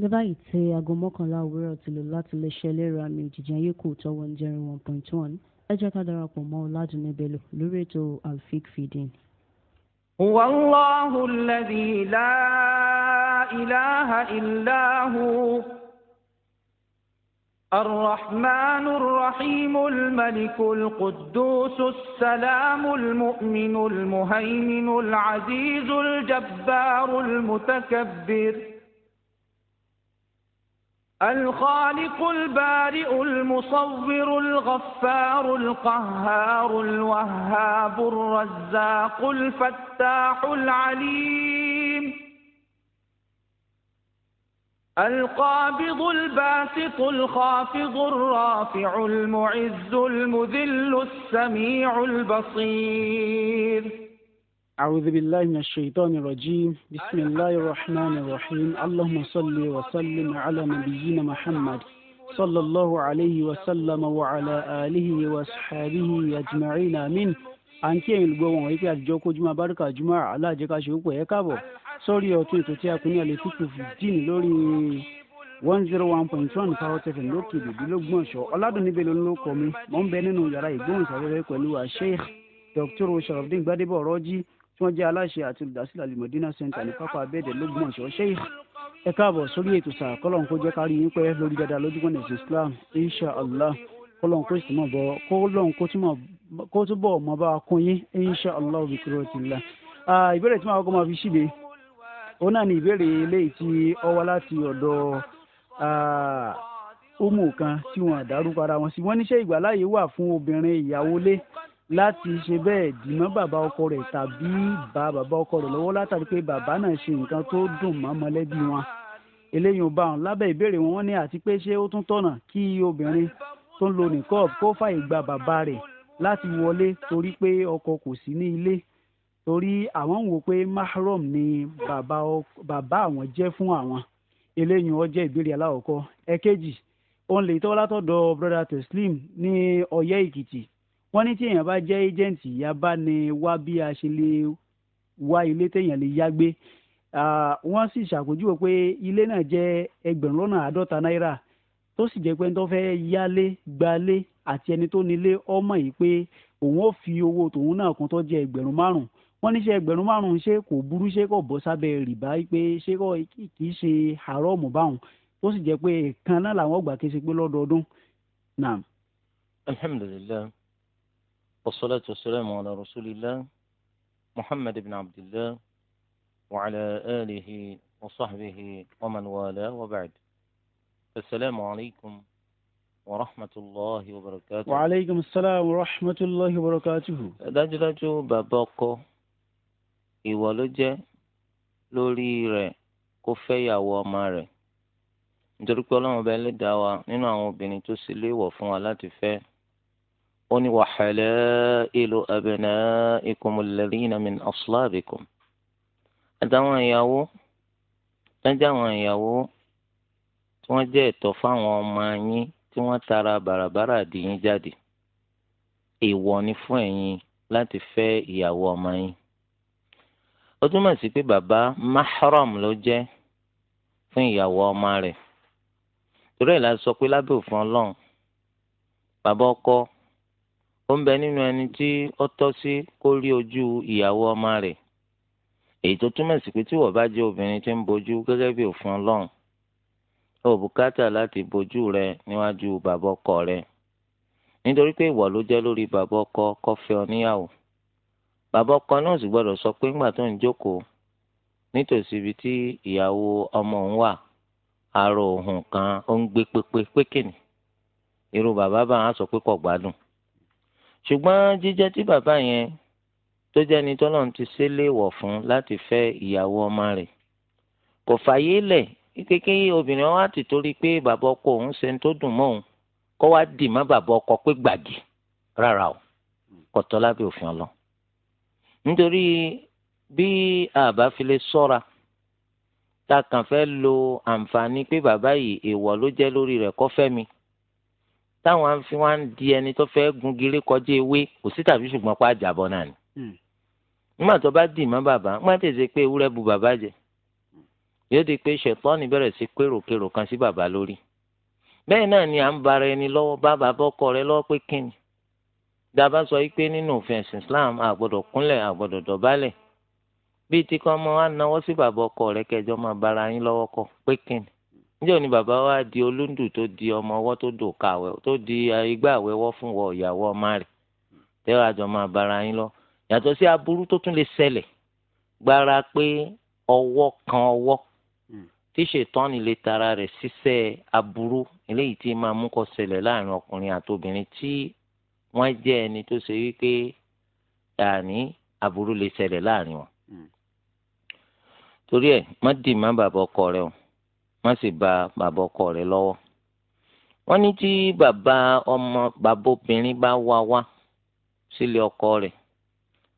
ní báyìí tí aago mọ́kànlá òwúrọ̀ ti lò láti lè ṣe ẹlẹ́rìí àmì ìjìjà yìí kò ko to wọn jẹrin one point one ẹ jẹ́ ká darapọ̀ mọ́ ọ̀làdúnni bello lórí ètò alfik fìdín. wàláhù lẹ́dí la ilaha illa hu الرحمن الرحيم الملك القدوس السلام المؤمن المهيمن العزيز الجبار المتكبر الخالق البارئ المصور الغفار القهار الوهاب الرزاق الفتاح العليم القابض الباسط الخافض الرافع المعز المذل السميع البصير أعوذ بالله من الشيطان الرجيم بسم الله الرحمن الرحيم اللهم صل وسلم على نبينا محمد صلى الله عليه وسلم وعلى آله وأصحابه أجمعين آمين à ń kí ẹ̀yin olùgbọ́ wọn wípé àtijọ́ kojú máa bárúkà jùmọ̀ aláàjẹká ṣòwòpọ̀ ẹ̀ káàbọ̀ sórí ọ̀tún ètò tí a pín ní alẹ́ fífi lórí one zero one point one power seven lókè ìdílógún ọ̀ṣọ́ ọ̀làdúnníbẹ̀ ló ń lò kọ́ mi mò ń bẹ nínú yàrá ìgbóhùnsáfẹ́fẹ́ pẹ̀lú Sheikh Dr. sharafdin gbadebo ọ̀rọ̀jì tí wọ́n jẹ́ aláṣẹ àti olùdásílẹ̀ alimọ̀dínà center ní pápá abẹ́ẹ̀dẹ̀ lọ́gbọ̀nsọ̀ ṣẹ́yìn ẹ káàbọ̀ sórí ètò sáà kọ́lọ́n kó jẹ́ kárí yín pẹ́ lórí dáadáa lójúmọ́ nẹ̀sìn islam insha allah kọ́lọ́n kó sì mọ̀ bọ́ kọ́lọ́n kó túbọ̀ mọ́ bá kún yín insha allah òbí kúrò ti la. ìbéèrè tí màá kọ́ máa fi ṣíde òun náà ni ìbéèrè eléyìí tí ó wá láti ọ̀dọ̀ umu kan tí wọ́n dárúkọ ara wọn sí wọ́n níṣẹ́ ìgbàláyé wà fún obìnrin ìyàwó lé láti ṣe bẹ́ẹ̀ dì mọ́ bàbá ọkọ rẹ̀ tàbí bá bàbá ọkọ rẹ̀ lọ́wọ́ látàrí pé bàbá náà ṣe nǹkan tó dùn mọ́ mọ́lẹ́bí wọn eléyìí ò bá wọn lábẹ́ ìbéèrè wọn wọ́n ní àti pé ṣé ó tún tọ̀nà kí obìnrin tó ń lo nìkọ́ọ̀bù kó fàyè gba bàbá rẹ̀ láti wọlé torí pé ọkọ kò sí ní ilé torí àwọn ń wò pé mahram ni bàbá àwọn jẹ́ fún àwọn eléyìí ó jẹ́ ìbéèrè aláwọ̀kọ́ ẹ̀kejì òun lè tọ́ látọ̀dọ̀ brother Teslim ní Ọ̀yẹ́ Èkìtì wọ́n ní tí èèyàn bá jẹ́ agent ìyá bá ní wá bí a ṣe lè wá ilé téèyàn lè yá gbé wọ́n sì ṣàpèjúwe pé ilé náà jẹ́ ẹgbẹ̀rún lọ́nà àádọ́ta náírà tó sì jẹ́ pé ń tó fẹ́ yálé gbalé àti ẹni tó nílé ọmọ yìí pé òun ó fi owó tòun náà kún tó jẹ́ ẹgbẹ̀rún márùn wọ́n ní ṣe ẹgbẹ̀rún márùn ṣé kò burú ṣé kò bọ́ sábẹ́ rìbá pé ṣé kò kì í ṣe àárọ̀mù báwọn tó sì jẹ́ pé kan náà làwọn gbà kése pé lọ́dọọdún. alhamdulilayi والصلاة والسلام على رسول الله محمد بن عبد الله وعلى آله وصحبه ومن والاه وبعد السلام عليكم ورحمة الله وبركاته وعليكم السلام ورحمة الله وبركاته dájúdájú bàbá ọkọ ìwọ ló jẹ́ lórí rẹ̀ kó fẹ́yàwó ọmọ rẹ̀ nítorí pé أني وحلائل أبنائكم الذين من أصلابكم أدعوا ياو أدعوا ياو wọ́n jẹ́ ẹ̀tọ́ fáwọn ọmọ yín tí wọ́n tara bàràbàrà dìyín jáde èèwọ̀ ni fún ẹ̀yin láti fẹ́ ìyàwó ọmọ yín ó túmọ̀ sí pé bàbá mahram ló jẹ́ fún ìyàwó ọmọ rẹ̀ torí ẹ̀ la sọ pé lábẹ́ òfin ọlọ́run bàbá ọkọ ó ń bẹ nínú ẹni tí ó tọ́ sí kó rí ojú ìyàwó ọmọ rẹ̀ èyí tó túmọ̀ sí pé tí wọ́n bá jẹ́ obìnrin tí ń bojú gẹ́gẹ́ bí òfin ọlọ́run ó bùkátà láti bojú rẹ níwájú bàbá ọkọ rẹ nítorí pé ìwọ ló jẹ́ lórí bàbá ọkọ kó fẹ́ ọ níyàwó bàbá ọkọ náà sì gbọ́dọ̀ sọ pé ńgbà tó ń jókòó nítòsí ibi tí ìyàwó ọmọ òun wà àrò òhun kan ó ń gbé pépé pékìnì irú bàbá bá wọn sọ pé kò gbádùn ṣùgbọ́n jíjẹ́ tí bàbá yẹn tó jẹ́ ni tọ́lọ́run ti ṣe léèwọ̀ fún láti fẹ́ ìyàwó ọmọ rẹ̀ kò fàyè lẹ̀ kíkékè obìnrin wa ti torí pé bàbá ọkọ òun ṣe ń tó dùn mọ́ òun kó wá dì má bàbá ọkọ pé gbàgì rárá o kò tọ́ lábẹ́ òfin ọlọ nítorí bí àbá fi lè ṣọ́ra tá a kàn fẹ́ lo àǹfààní pé bàbá yìí èèwọ̀ ló jẹ́ lórí rẹ̀ kó fẹ́ mi táwọn fi wá ń di ẹni tó fẹ́ gun gírí kọjá ewé kò sí tàbí ṣùgbọ́n pa àjàbọ̀ náà ni. Hmm. nígbà tó bá dì mọ́ bàbá nígbà tó ṣe pé ewúrẹ́ bu bàbá jẹ yóò di pé ṣẹ̀tọ́ni bẹ̀rẹ̀ sí kéròkérò kan sí bàbá lórí. bẹ́ẹ̀ náà ni à ń bara ẹni lọ́wọ́ bá bàbá ọkọ rẹ lọ́wọ́ pé kíni. dàbá sọ pé nínú òfin ẹ̀sìn Islam àgbọ̀dọ̀ kúnlẹ̀ àgbọ̀dọ̀ dọ̀bálẹ̀ bíi tí kọ́ ọmọ wa náwó sí bàbá ọkọ níjẹ́ òní bàbá wa di olóńdù tó di ọmọ ọwọ́ tó dò kàwẹ́ tó di igbá àwẹ́wọ́ fún wọ ìyàwó ọmọ rẹ̀ tẹ́wọ́ àjọ máa bára yín lọ yàtọ̀ sí aburú tó tún lè ṣẹlẹ̀ gbára pé ọwọ́ kan ọwọ́ hmm. tí ṣètọ́ni lè tara rẹ̀ ṣiṣẹ́ aburú eléyìí tí máa mú kó ṣẹlẹ̀ láàrin ọkùnrin àtobìnrin tí wọ́n jẹ́ ẹni tó ṣe wípé yàní aburú lè ṣẹlẹ̀ láàrin wọn. Hmm. torí ẹ̀ má dì má bàbá ọkọ rẹ o má sì ba bàbá ọkọ rẹ̀ lọ́wọ́ wọ́n ní tí bàbá ọmọ bàbá obìnrin bá wá wá sílé ọkọ rẹ̀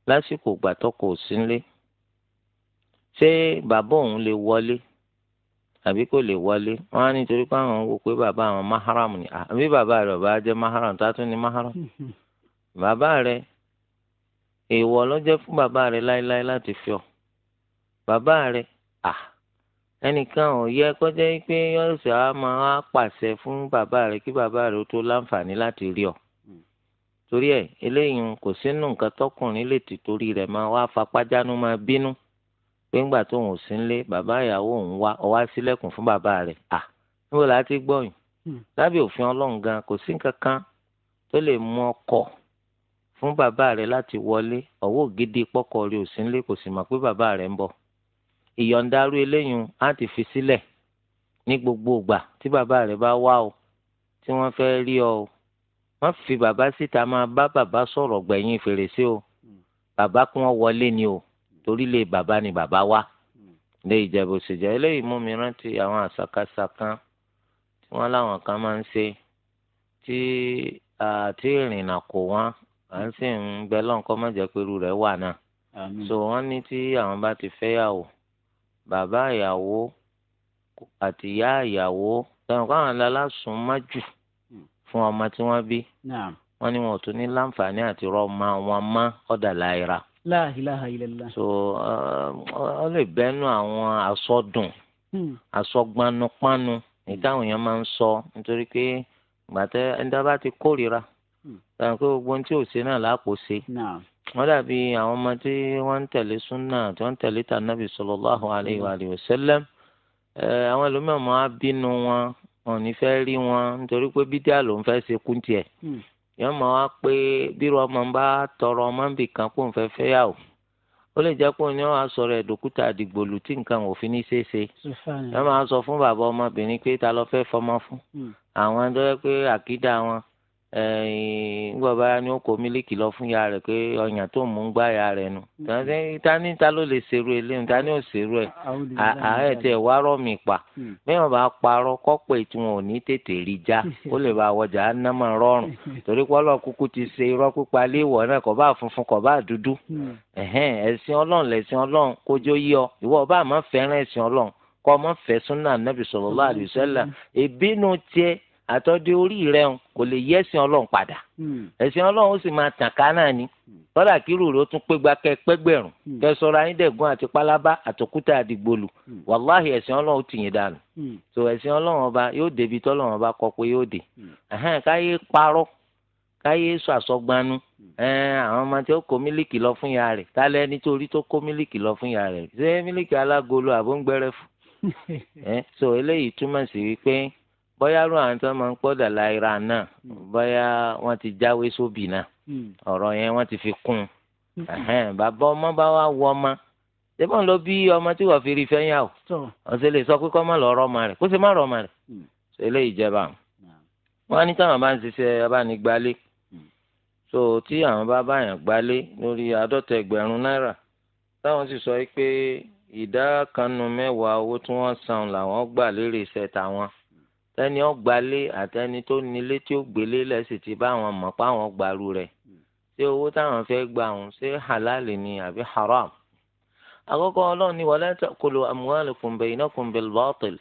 lásìkò ìgbà tọ́kọ ò sínlé ṣé bàbá òun lè wọlé àbí kò lè wọlé wọn á nítorí pé àwọn wò pé bàbá àwọn maharam ni àbí ah, bàbá rẹ̀ bá jẹ́ maharam tá a tún ní maharam bàbá rẹ̀ èèwọ̀ ló jẹ́ fún bàbá rẹ̀ láéláé láti fi ọ bàbá rẹ̀ ah ẹnìkan ò yẹ kó jẹ́ pé ọ̀sẹ̀ á máa pàṣẹ fún bàbá rẹ̀ kí bàbá rẹ̀ ó tó láǹfààní láti rí ọ hmm. torí ẹ eléyìí kò sínú nǹkan tọkùnrin lè ti torí rẹ̀ máa wá fapájánú máa bínú pé ńgbà tó òun sí ń lé bàbá ìyàwó òun wá ọwá sílẹ̀kùn fún bàbá rẹ̀ à níbo la ti gbọ́yìn hmm. lábẹ́ òfin ọlọ́run gan kò sí nǹkan kan tó lè mú ọkọ fún bàbá rẹ̀ láti wọlé ọwọ́ gidi pọ́kọ rẹ̀ ò sí ń lé kò sì mọ̀ pé bàbá rẹ̀ ń bọ̀ ìyọ̀ǹdarú eléyìí á ti fi sílẹ̀ ní gbogbo ìgbà tí bàbá rẹ̀ bá wá o tí wọ́n fẹ́ rí ọ o wọ́n fi bàbá síta máa bá bàbá sọ̀rọ̀ gbẹ̀yìn fèrèsé o bàbá kún ọ wọlé ni o torí lè bàbá ni bàbá wá lè ìjẹ̀bù ṣèjẹ́ eléyìí mú mi rántí àwọn àṣàkáṣà kan tí wọ́n láwọn kan máa ń ṣe tí àti ìrìnà kò wọ́n à ń sì ń bẹ lọ́nkọ́ mọ̀jẹ̀ pé rẹ̀ wà náà so wọ́n ní tí àwọn bá ti fẹ́ yà wò bàbá ìyàwó àti ìyá ìyàwó ẹnu káwọn alásùn má jù hmm. fún ọmọ tí wọ́n bí wọ́n ní wọn ò tún ní láǹfààní àti rọmọ wọn má ọdà láìra. La ilaha illallah. so ọ um, lè bẹnu àwọn asọdùn hmm. asọgbanupanu ìdáhùn hmm. yẹn máa ń sọ nítorí pé gbàtẹ ẹni tá a bá ti kórìíra. ẹnì pé gbogbo ohun tí ò ṣe náà lápò ṣe wọ́n dàbí àwọn ọmọ tí wọ́n ń tẹ̀lé súnà tí wọ́n ń tẹ̀lé tànàbì sallallahu alayhi wa alihi wa sallam àwọn ẹlòmíràn máa á bínú wọn wọn ò ní fẹ́ rí wọn nítorí pé bídíà ló ń fẹ́ ṣe kún tiẹ̀ hmm. yọ́n máa wá pé bírò ọmọ ń bá tọrọ ọmọ ń bì kan kó ń fẹ́ fẹ́ yà ó ó lè jẹ́ pé ní wọ́n sọ̀rọ̀ ẹ̀dọ́kúta àdìgbòlù tí nǹkan òfin ní ṣeéṣe wọ́n máa sọ fún bàbá ọmọbìnrin pé ta ló fẹ́ fọmọ fún hmm. àwọn tó yẹ pé àkídà wọn ngbọ báyà ni ó kó mílíkì lọ fún ya rẹ pé ọyàn tó mú ń gbá ya rẹ nu ta ni ta ló lè ṣerú eléyìí ta ni ó ṣerú ẹ àárẹ̀ tẹ wá rọ mi pa hmm. bẹ́ẹ̀ bá parọ́ kọ́pẹ́ tí wọn ò ní tètè rí já ó lè bá wọjà ánámọ̀ rọrùn torí pọ́lọ́ kúkú ti ṣe irọ́ pípa léèwọ̀ náà kò bá funfun kò bá dúdú hmm. ẹ̀sìn ọlọ́run lẹ̀sìn ọlọ́run kójó yí ọ ìwọ ọba àmọ́ fẹ́ràn ẹ̀sìn ọlọ́run kọ́ ọmọ fẹ́ súnà nàbì sallallahu alaihi wasallam hmm. ìbínú tiẹ̀ àtọ́jú orí rẹ ń kò lè yẹ ẹ̀sìn ọlọ́run padà hmm. ẹ̀sìn ọlọ́run ó sì máa tàn ká náà ni tọ́lá hmm. kírù rẹ ó tún pé gba kẹgbẹ̀rún hmm. kẹsọ̀rọ̀ ayíǹdẹ̀gún àti pálábá àtòkúta àdìgbòlù wàláhì ẹ̀sìn ọlọ́run ó tìyìn dànù so ẹ̀sìn ọlọ́run ọba yóò débi tọ́lọ́run ọba kọ pé yóò dé káyé parọ́ káyé sọ àsọgbanu àwọn ọmọ tí ó kó mílíkì lọ fún ya rẹ̀ tálẹ́ ẹni tó rí tó kó mílíkì lọ fún ya rẹ̀ ṣé mílíkì alágolo àbóǹgbẹ̀rẹ̀ fún so eléyìí túmọ̀ sí bóyá rú àwọn tí wọ́n máa ń pọ́dà láìra náà hmm. bóyá wọ́n ti jáwé sóbì náà hmm. ọ̀rọ̀ yẹn wọ́n ti fi kún un hmm. bàbá ọmọ bá wá wọ ọmọ ṣébọn ló bí ọmọ tí wọ́n fi rí fẹ́yà o ọ̀sẹ̀ lè sọ pé kọ́ má lọ rọ́ ọmọ rẹ̀ kó ṣe má rọ́ ọmọ rẹ̀ ṣe lè jẹba wọn á ní táwọn bá ń ṣiṣẹ́ abánigbálé so tí àwọn bá báyàn gbálé lórí àádọ́ta ẹgbẹ̀rún náírà táwọn sì sọ pé ìdá kanu mẹ́wàá owó tí wọ́n san làwọn gbà lérè iṣẹ́ tàwọn tẹ́ni ó gbalé àtẹni tó nílé tí ó gbélé lẹ́sìn ti bá àwọn mọ̀ pé àwọn gbaru rẹ̀ ṣé owó táwọn fẹ́ gbà ń ṣe halal ni àbí haram. àkọ́kọ́ ọlọ́run ní wala ta'kulu amwalakum bainakum bil batil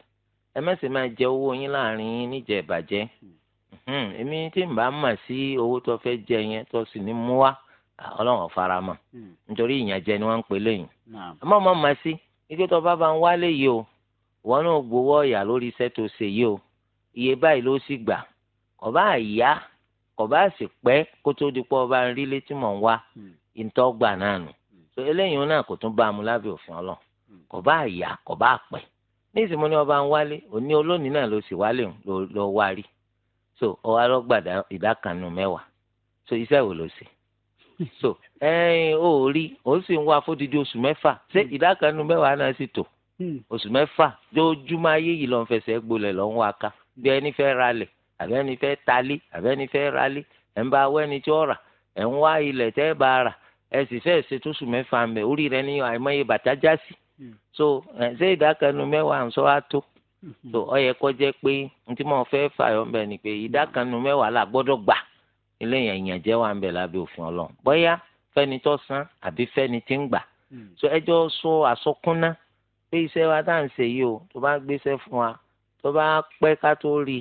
ẹ mẹ́sì máa jẹ owó yín láàrin yín níjẹ̀ ìbàjẹ́. èmi tí n bá mà sí owó tó fẹ́ jẹ yẹn tó sì ní mú wá ọlọ́run fara mọ́ nítorí ìyànjẹ ni wọ́n ń pè lẹ́yìn. àmọ́ mo mà sí ike tó bá bá ń wálé yìí o wọn náà gbowó ọ̀yà lórí iṣẹ́ tó ṣe yìí o iye báyìí ló sì gbà kọba àyà kọba àsì pẹ́ kó tó di pọ ọba rí létí mọ ń wá ìtọgbà hmm. náà nù hmm. so eléyìí náà kò tún bá a mú lábẹ́ òfin Ọlọ́run kọba àyà kọba àpẹ ní ìsìnkú ni ọba ń wálé òní olónìí náà ló sì wálé lọ wá rí so ọwọ́ arọ́gbà ìdá kan mẹ́wàá so iṣẹ́ wo ló ṣe so ẹyin ò rí ó sì ń wá fódìdí oṣù mẹ́fà ṣé hmm. ìdá kan nù mẹ́wàá náà sì tò oṣù mẹ́fà lójúmọ́ ayé yìí lọ́n fẹsẹ̀ gbolẹ̀ lọ́n wá ká bí ẹni fẹ́ ralẹ̀ àbẹ́ni fẹ́ talé àbẹ́ni fẹ́ ralé ẹ̀ ń bá awọ́ ẹni tí ó rà ẹ̀ ń wá ilẹ̀ tẹ́ bá rà ẹ̀ sì fẹ́ ṣe tóṣù mẹ́fà mẹ́ orí rẹ ní àìmọye bàtà já sí hmm. so ẹ̀ ṣé ìdákanu mẹ́wàá ń sọ wá tó hmm. so ọ yẹ kó jẹ́ pé n tí mo fẹ́ fàyọ̀ mbẹ́ ni pé ìdákanu mẹ́wàá là gbọ́dọ̀ gbà ilé yẹn yẹn jẹ́ wà ń bẹ̀ lábẹ́ òfin ọlọ́run bóyá fẹ́ni tó san àbí fẹ́ni tí ń gbà hmm. so ẹjọ́ sọ àsọkúnná pé iṣẹ́ wa tá ṣe yìí o tó bá gbéṣẹ́ fún wa tó bá pẹ́ ká tó rí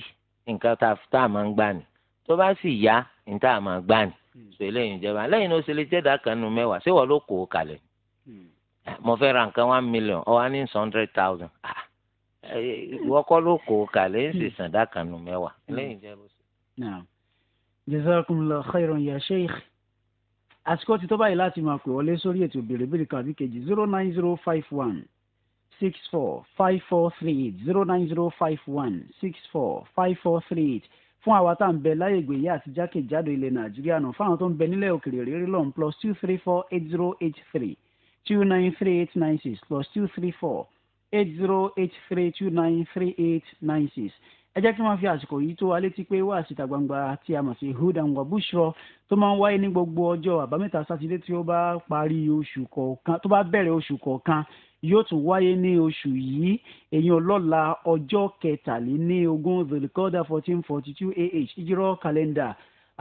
nǹkan tá a máa ń gbà ní tó bá sì yá nǹkan tá a máa gbà ní hmm. sọ eléyìí ìjọba lẹ́yìn náà ṣe lè jẹ́dá kan nu mẹ́wàá ṣé wọ́n ló kó o kalẹ̀ hmm. mo fẹ́ ra nǹkan one million ọ̀wá ní hundred thousand ah, eh, wọ́n kọ́ ló kó o kalẹ̀ ń sì hmm. sàn dá kan mẹ́wàá lẹ́yìn ìjọba. jazakumullahu khairan ya sheikh àsìkò tí tó báyìí láti máa pè wọlé sórí ètò bèrè bèrè kàbí kejì zero nine zero five one six four five four three eight zero nine zero five one six four five four three eight fún àwa tá à ń bẹ láyé ìgbéyé àti jákèjádò ilẹ̀ nàìjíríà nù fáwọn tó ń bẹ nílẹ̀ òkèèrè rere lọ́n plus two three four eight zero eight three two nine three eight nine six plus two three four eight zero eight three two nine three eight nine six ẹ jẹ́ kí wọ́n fi àsìkò yìí tó wa létí pé wá síta gbangba tí a mọ̀ sí hudan wabushro tó máa ń wáyé ní gbogbo ọjọ́ àbámẹ́ta sátidé tí ó bá parí oṣù kọ̀ọ̀kan tó bá bẹ̀rẹ̀ oṣù kọ̀ọ̀kan yóò tún wáyé ní oṣù yìí èyí ọlọ́la ọjọ́ kẹtàléníogún zolikọ́dà fourteen forty two ah ìjírọ̀ kàlẹ́ndà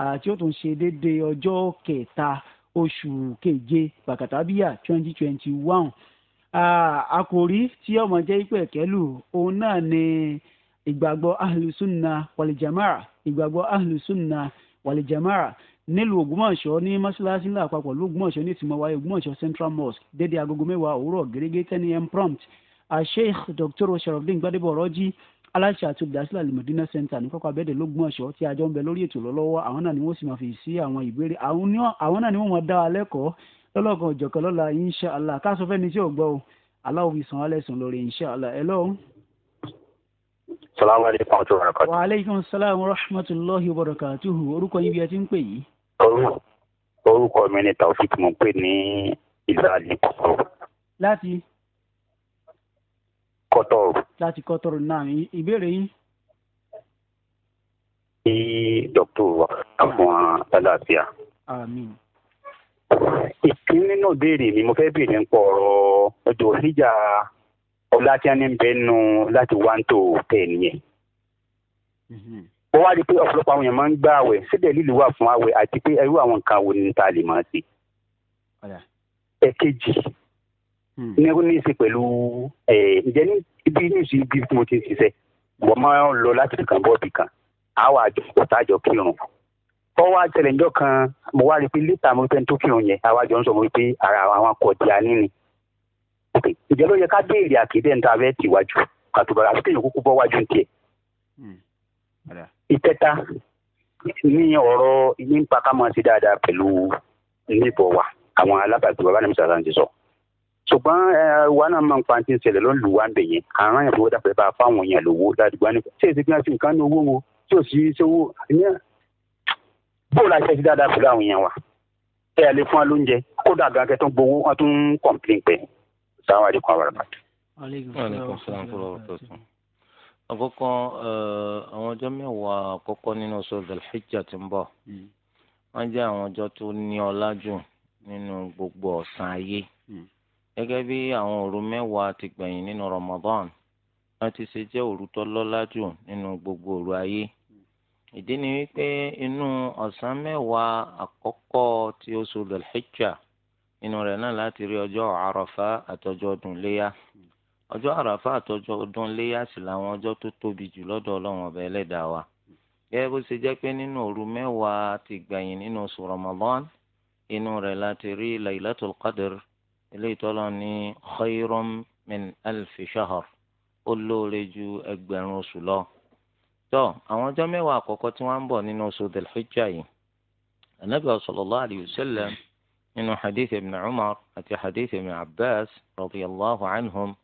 àti ó tún ṣe déédéé ọjọ́ kẹta oṣù keje bàkàtàbíyà twenty twenty one àkòrí tí ọmọ jẹ́ ipò ẹ̀kẹ́lù òun náà ni ìgbàgbọ́ ahlusunna wàlìjàmáà ìgbàgbọ́ ahlusunna wàlìjàmáà nílùú ògbómọ̀ṣọ́ ní mọ́ṣáláṣí ńlá àpapọ̀ lógbómọ̀ṣọ́ ní ìtìmọ̀ wáyé ògbómọ̀ṣọ́ central mosque dédé agogo mẹ́wàá òwúrọ̀ gẹ́gẹ́ ten am prompt asheikh dr sharafdin gbadebo ọ̀rọ̀jì aláṣẹ àti olùdásílẹ̀ alimọ̀dínà center ní kọ́kọ́ abẹ́dẹ̀ lógbómọ̀ṣọ́ tí a jọ ń bẹ lórí ètò lọ́wọ́ àwọn náà ni wọ́n sì máa fi sí àwọn ìbéèrè àwọn náà ni wọ́n máa dá wa lẹ́kọ̀ọ́ lọ́lọ́kan ọ̀jọ̀kan lọ́la inshallah káṣọ fẹ́ni tí ò gbọ́ o aláwọ̀ fi sàn án lẹ́sùn lórí inshallah ẹ lọ́hùn. salaamaleykum wa rahmatulahi wa barakatuhu orúkọ yín bí ẹ ti ń pè yìí orúkọ mi ni taofik mo ń pè ní ìlú alikọtọrù. láti. kọtọrù. láti kọtọrù náà ìbéèrè yín. kí dókítà wa àwọn lálàáfíà. àmín. ìkíni nínú ìbéèrè mi mo fẹ́ béèrè ń pọ̀ ọ̀rọ̀ ọjọ́ ìjà ọlá tí a ní bẹ́ẹ̀ nù láti one to ten yẹn. Mhm mo wá rí i pé ọ̀pọ̀lọpọ̀ àwọn èèyàn máa ń gba àwẹ̀ sídẹ̀ lílu wà fún àwẹ̀ àti pé irú àwọn nǹkan wo ni ta lè máa ṣe. ẹ̀kejì hmm. ní ó ní í ṣe pẹ̀lú ǹjẹ́ ní ibi ní ìṣú ibi tí mo ti ń ṣiṣẹ́ wọ́n máa ń lọ láti nǹkan bọ́ọ̀bì kan àwọn àjọ ọ̀tá àjọ kírun ó wá tẹ̀lé ńjọ́ kan mo wá rí i pé lítà mo fẹ́ tó kírun yẹn àwọn àjọ ń sọ mo pé ara àwọn akọ̀ di aní ǹjẹ́ ló yẹ ká béèrè àkédé ìkẹta ní ọ̀rọ̀ nípa ká máa ṣe dáadáa pẹ̀lú níbọ̀ wa àwọn alábàgbé wa bá nàmi sàrán ti sọ ṣùgbọ́n wa náà máa ń pa ti ń ṣẹlẹ̀ ló ń lù wá ń bẹ̀ yẹn àrùn yẹn fowó dàpẹ́ bá a fáwọn èèyàn lówó ládùúgbò á ní ṣé èsì gbọ́n sí nǹkan ní owó wo tí ò sí sówó bóòlù àṣẹ ti dáadáa pẹ̀lú àwọn èèyàn wa ẹ àlè fún wa lóúnjẹ kódà gan kẹ́ tó ń gbowó wọn tún ń kọ̀ǹpléǹ àdìkún àwọn àràbàtà àkọ́kọ́ eh, àwọn ọjọ́ mẹ́wàá àkọ́kọ́ nínú oṣù Dhul-Hijjah tí ń bọ̀ hmm. wọ́n jẹ́ àwọn ọjọ́ tó ní ọlá jù nínú gbogbo ọ̀sán ayé hmm. gẹ́gẹ́ bí àwọn òru mẹ́wàá ti gbẹ̀yìn nínú Ramadan wọ́n ti ṣe jẹ́ òru tó lọ́lá jù nínú gbogbo òru ayé hmm. ìdí ni wípé inú ọ̀sán mẹ́wàá àkọ́kọ́ ti oṣù Dhul-Hijjah inú rẹ̀ náà láti rí ọjọ́ Àrafá àtọjọ́ ọdún léyà ọjọ́ àràfà àtọjọ́ ọdún léyàsì làwọn ọjọ́ tó tóbi jù lọ́dọ̀ ọlọ́run ọba ẹlẹ́dàá wa gẹ́gẹ́ bó ṣe jẹ́ pé nínú òru mẹ́wàá ti gbẹ̀yìn nínú oṣù Ramadan inú rẹ̀ láti rí Laylatul Qadr eléyìí tọ́lọ́ ní khayrum min alfi shahr ó lóore ju ẹgbẹ̀rún oṣù lọ. tó àwọn ọjọ́ mẹ́wàá àkọ́kọ́ tí wọ́n ń bọ̀ nínú oṣù Dhul-Hijja yìí anabi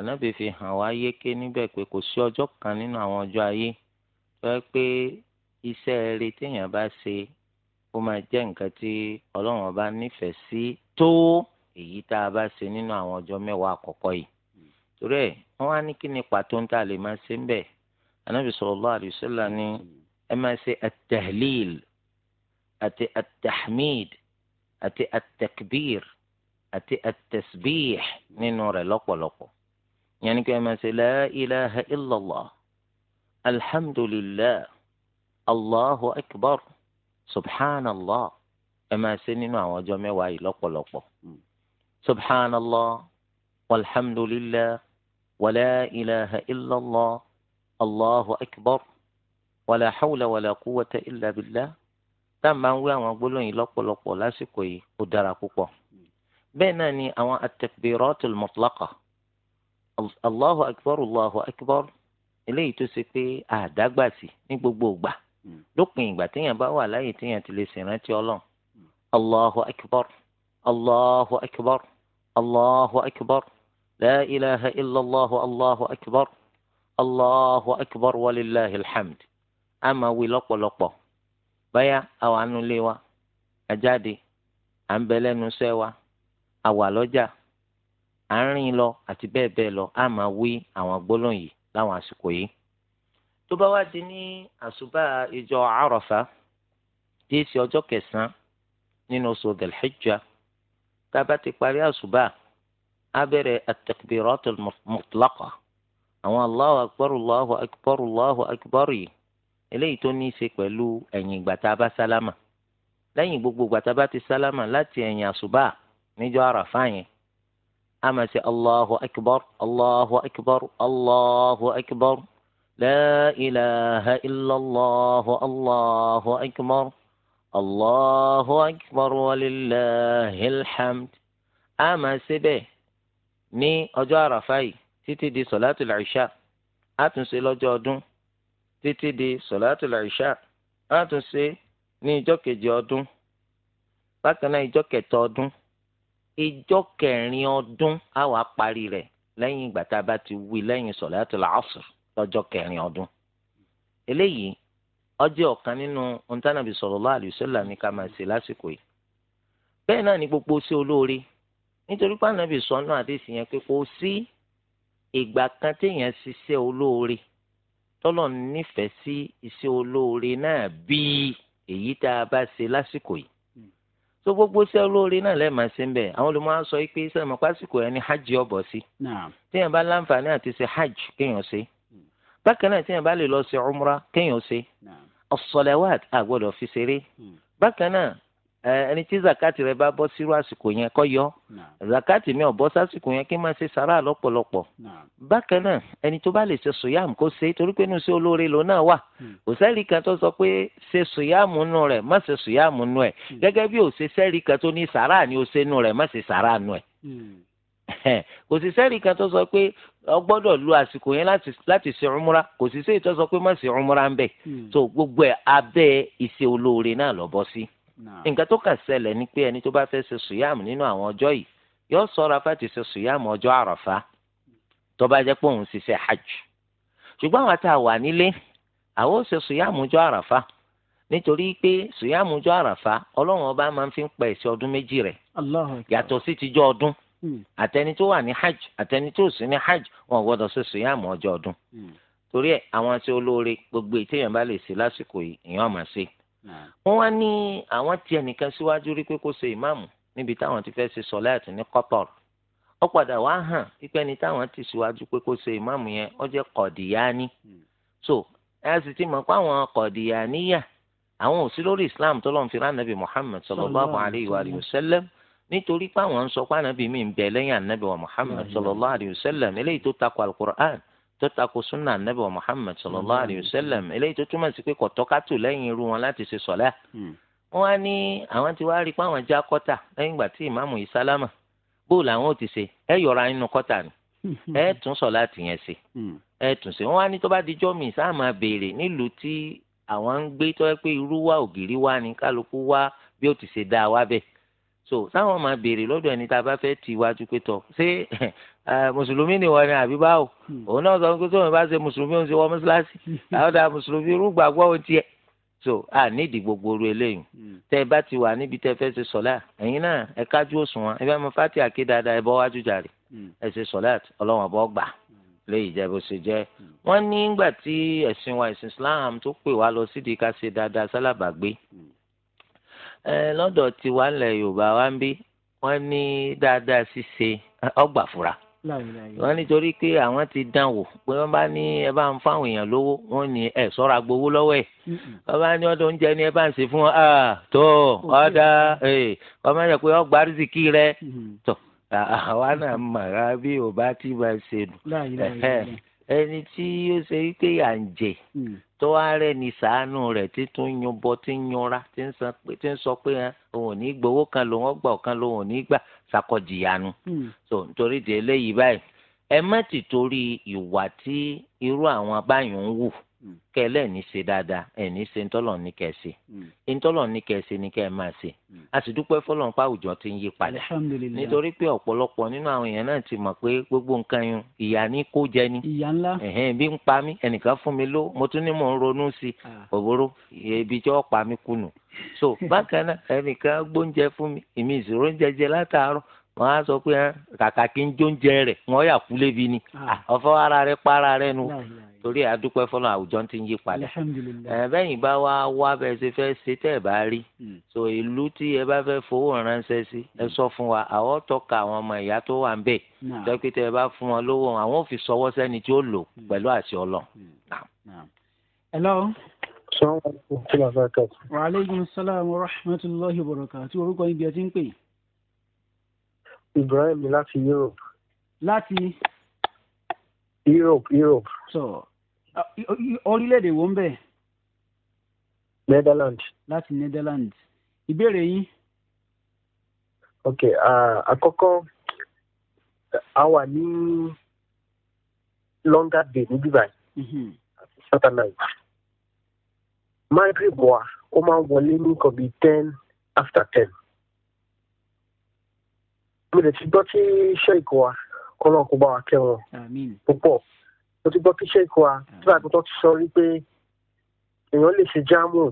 ànábì fi hàn wá yéké níbẹ̀ pé kò sí ọjọ́ kan nínú àwọn ọjọ́ ayé tó yẹ pé iṣẹ́ eré téèyàn bá ṣe ó máa jẹ́ nǹkan tí ọlọ́run ọba nífẹ̀ẹ́ sí tó èyí tá a bá ṣe nínú àwọn ọjọ́ mẹ́wàá àkọ́kọ́ yìí torí ẹ̀ wọ́n wá ní kí ni pàtó ń tà lè máa ṣe ń bẹ̀ ànábì sallallahu alaihi wasallam ni ẹ máa ṣe at àti at àti at àti at nínú rẹ̀ lọ́pọ̀lọpọ̀ ìyẹn ni kí ẹ máa ṣe la ilaha illallah alhamdulillah allahu akbar subhanallah ẹ máa ṣe nínú àwọn ọjọ́ mẹ́wàá yìí lọ́pọ̀lọpọ̀ subhanallah walhamdulillah wala ilaha illallah allahu akbar wala hawla wala quwwata illa billah tá a máa ń wí àwọn gbólóyìn lọ́pọ̀lọpọ̀ lásìkò yìí ó dára púpọ̀ bẹ́ẹ̀ náà ni àwọn at-takbiratul mutlaqa. الله أكبر الله أكبر eléyìí tó ṣe pé àdágbà sí ní gbogbo ìgbà lópin ìgbà téèyàn bá wà láyè téèyàn ti lè ṣèrántí ọlọ́run allahu akbar allahu akbar allahu akbar la ilaha illallah allahu akbar allahu akbar walillahi alhamd a máa wí lọ́pọ̀lọpọ̀ báyà àwa nulẹ̀ wa àjáde à ń bẹ lẹ́nu iṣẹ́ wa àwa lọ́jà. Ja à ń rìn lọ àti bẹ́ẹ̀ bẹ́ẹ̀ lọ á máa wí àwọn gbólóhùn yìí láwọn àsìkò yìí tó bá wá di ní àṣùbà ìjọ àròfà tí í ṣe ọjọ́ kẹsàn-án nínú oṣù dẹ̀lẹ́jà tá a bá ti parí àṣùbà á bẹ̀rẹ̀ àtẹ̀kùbìrọ̀tò mọ̀tòlákọ̀ àwọn Allahu akbar Allahu akbar yìí eléyìí tó ní í ṣe pẹ̀lú ẹ̀yìn ìgbà bá sálámà lẹ́yìn gbogbo ìgbà bá ti sálámà láti ẹ̀yìn àṣùbà níjọ́ àràfà yẹn أمس الله أكبر الله أكبر الله أكبر لا إله إلا الله الله أكبر الله أكبر ولله الحمد أما به ني أجارة في تتي دي صلاة العشاء أتنسي لو جودون تتي دي صلاة العشاء أتنسي ني جوكي جودون بكنا جوكي تودون ìjọ kẹrin ọdún á wà parí rẹ̀ lẹ́yìn ìgbà tá a bá ti wí lẹ́yìn sọ̀látul asr lọ́jọ́ kẹrin ọdún. eléyìí ọjọ́ ọ̀kan nínú ontánàbí sallallahu alaihi wasallam ní ká máa ṣe lásìkò yìí. bẹ́ẹ̀ náà ni gbogbo sí olóore nítorí pé ànábì sọ yẹn pé kò sí ìgbà kan téèyàn ṣiṣẹ́ olóore tọ́lọ̀ nífẹ̀ẹ́ sí iṣẹ́ olóore náà bíi èyí tá a bá ṣe lásìkò yìí so gbogbo iṣẹ́ olóore náà lẹ́ẹ̀ máa ṣe ń bẹ̀ àwọn olùmọ̀ á sọ pé iṣẹ́ ìmọ̀ pásíkò ẹni hajj ọ̀bọ̀ sí téèyàn bá láǹfààní àti ṣe hajj kéèyàn ṣe bákan náà téèyàn bá lè lọ ṣe umra kéèyàn ṣe as-salawat fi ṣeré hmm. bákan náà ẹni tí zakati rẹ bá bọ́ sírú àsìkò yẹn kó yọ zakati mi ò bọ́ sásìkò yẹn kí n máa ṣe sàrà lọ́pọ̀lọpọ̀ bákan náà ẹni tó bá lè ṣe sòyàm kó ṣe torí pé inú sí olóore lòun náà wà hmm. kò sẹ́ẹ̀rì kan tó sọ pé ṣe sòyàmù nù rẹ̀ má ṣe sòyàmù nù ẹ̀ hmm. gẹ́gẹ́ bí ò kan tó ní sàrà ni ó ṣe nù rẹ̀ má ṣe sàrà nù ẹ̀ kò sí sẹ́ẹ̀rì kan tó sọ pé o gbọ́dọ̀ lu àsìkò yẹn láti ṣe ọmúra kò sí sẹ́ẹ̀rì tó sọ pé má ṣe ọmúra ń bẹ̀ tó hmm. gbogbo ẹ̀ abẹ́ ìṣe olóore náà lọ sí nǹkan tó kàn ṣẹlẹ̀ ni pé ẹni tó bá fẹ́ ṣe sùyàmù nínú àwọn ọjọ́ yìí yóò sọra fáti ṣe sùyàmù ọjọ́ àràfà tó bá jẹ́ pé òun ṣiṣẹ́ hajj ṣùgbọ́n àwọn tá a wà nílé àwọn ò ṣe sùyàmù ọjọ́ àràfà nítorí pé sùyàmù ọjọ́ àràfà ọlọ́run ọba máa ń fi pa ẹ̀ṣẹ̀ ọdún méjì rẹ̀ yàtọ̀ sí tijọ́ ọdún hmm. àtẹni tó wà ní hajj àtẹni tó sì ní hajj wọn gbọ́dọ̀ ṣe sùyàmù ọjọ́ ọdún hmm. torí ẹ àwọn tí olóore gbogbo ètèèyàn lè ṣe lásìkò yìí ìyẹn ṣe wọ́n wá ní àwọn tí ẹnìkan síwájú rí pé kó ṣe ìmáàmù níbi táwọn ti fẹ́ ṣe sọ̀láàtì ní Qatar ó padà wá hàn pípẹ́ ni táwọn ti síwájú pé kó ṣe ìmáàmù yẹn ó jẹ́ kọ̀dìyání hmm. so ẹ sì ti mọ̀ pé àwọn kọ̀dìyàníyà àwọn ò sí lórí Islam tó lọ́n fi rán nàbì Muhammad sallallahu alayhi wa sallam nítorí pé àwọn ń sọ pé ànábì mi ń bẹ lẹ́yìn ànábì wa Muhammad sallallahu alayhi wa sallam eléyìí tó takò al-Qur'an tó tako sunna anabi wa muhammed sallallahu alayhi wa sallam mm. eléyìí tó túmọ̀ sí pé kò tọ́kátò lẹ́yìn irú wọn láti ṣe sọ̀lá. Mm. wọ́n á ní àwọn ti wá rí i pé àwọn já kọ́tà lẹ́yìn ìgbà tí ìmáàmù yìí sálámà bó làwọn ò ti ṣe ẹ yọra nínú kọ́tà ni mm. ẹ tún sọ̀lá tìyẹn ṣe ẹ tún ṣe wọ́n á ní tó bá dijọ́ mi sáà béèrè nílùú tí àwọn ń gbé tó pé irú wa ògiri so sáwọn máa béèrè lọ́dọ̀ ẹni tá a bá fẹ́ ti iwájú pé tọ̀ ṣé eh, mùsùlùmí ni wọ́n ní àbí báwo hmm. òun náà sọ pé sóun bá ṣe mùsùlùmí òun ṣe wọ́n mọ́ṣáláṣí hmm. àwọn dà mùsùlùmí rúgbàgbọ́ òun tiẹ̀ so a nídìí gbogbo oru eléyìí hmm. tẹ ẹ bá ti wà níbi tẹ fẹ́ ṣe sọ̀lá ẹ̀yin náà ẹ kájú òṣùwọ̀n ẹ bá mọ fati àké dáadáa ẹ bọ́ wájú jàre ẹ ṣe sọ̀lá ọlọ́wọ́n bọ́ gbà léyìí jẹ́ bó ṣe jẹ́ wọ́n ní ìgbà tí ẹ̀sìn wa ẹ̀sìn Islam tó pè wá lọ sídìí ká ṣe dáadáa sálábàgbé lọ́dọ̀ tiwa ńlẹ̀ yorùbá wa ń bí wọ́n ní dáadáa ṣíṣe ọgbà fura wọ́n nítorí pé àwọn ti dán wò pé wọ́n bá ní ẹ bá ń fáwọn èèyàn lówó wọ́n ní ẹ sọ́ra gbowó lọ́wọ́ ẹ̀ wọ́n bá ní ọdún oúnjẹ ni ẹ bá ń ṣe fún wọn tó ọ̀dà wọ́n máa yẹ pé ọgbà rìsíkì rẹ tó àwa náà mọ̀ bí yorùbá ti máa ṣe nù ẹni tí ó ṣe wípé à ń jẹ hmm. tó wá rẹ ni sàánú rẹ̀ tí tó ń yunbọ tí ń yunra tí ń sọ pé òun ò ní gbowó kan lòun ọgbà ọ̀kan lòun ò ní gbà ṣàkọjìyanu hmm. so nítorí ti eléyìí báyìí ẹ má ti torí ìwà tí irú àwọn abáyọ̀ ń wù Mm. kẹlẹ́ ní ṣe dáadáa ẹ̀ ní ṣe ńtọ́lọ̀ mm. ní kẹ́ ṣe ní kẹ́ ní kẹ́ ẹ máa ṣe mm. a sì dúpẹ́ fọlọ́n pa àwùjọ ti ń yí padà nítorí pé ọ̀pọ̀lọpọ̀ nínú àwọn èèyàn náà ti mọ̀ pé gbogbo nǹkan yun ìyà ní kó jẹ ni bí ń pa mí ẹnìkan fún mi ló mo tún ní mò ń ronú sí i ah. òwúrò ibi tí wọ́n pa mí kùnù so bákan náà ẹnìkan gbóúnjẹ fún mi ìmí ìṣòro ń jẹjẹ látàárọ̀ wọ́n á sọ pé kàkà kí n jóúnjẹ rẹ̀ wọ́n yà kú lébi ni ah. ah, ọ̀fọ́ ara rẹ̀ pa ara rẹ̀ nu torí àdúpẹ́ fọlọ́ àwùjọ ti ń yí padà bẹ́yìn bá wá wá bẹ́ẹ̀ ṣe fẹ́ ṣe tẹ́ ẹ̀ bá rí hmm. so ìlú tí ẹ bá fẹ́ fowó ránṣẹ́ sí ẹ hmm. sọ fún wa àwọn tọ́ka àwọn ọmọ ìyá tó wà ń bẹ̀ dókítà ẹ bá fún wọn lówó àwọn ò fi sọwọ́ tí ó lò hmm. pẹ̀lú àṣẹ Ọlọ́run. Hello. Assalamu alaikum wa rahmatullahi wa barakatuh. Wa alaikum assalam wa rahmatullahi wa Orúkọ ibi ẹ ti ń pè yìí. Ibrahim láti Europe. láti. Europe Europe. so orílẹ̀-èdè wo ń bẹ̀. Netherlands. láti Netherlands ìbéèrè yín. ok uh, àkọ́kọ́ a wà ní longer day níbí báyìí mm-hmm. Saturday night Maghrib wa ó máa ń wọlé ní nǹkan bíi ten after ten mo lè ti gbọ́ tí sheik wa kọ́nà kó bá wa kẹ́wọ̀n púpọ̀ mo ti gbọ́ tí sheik wa tí bàbá tó ti sọ rí pé èèyàn lè ṣe jáàmù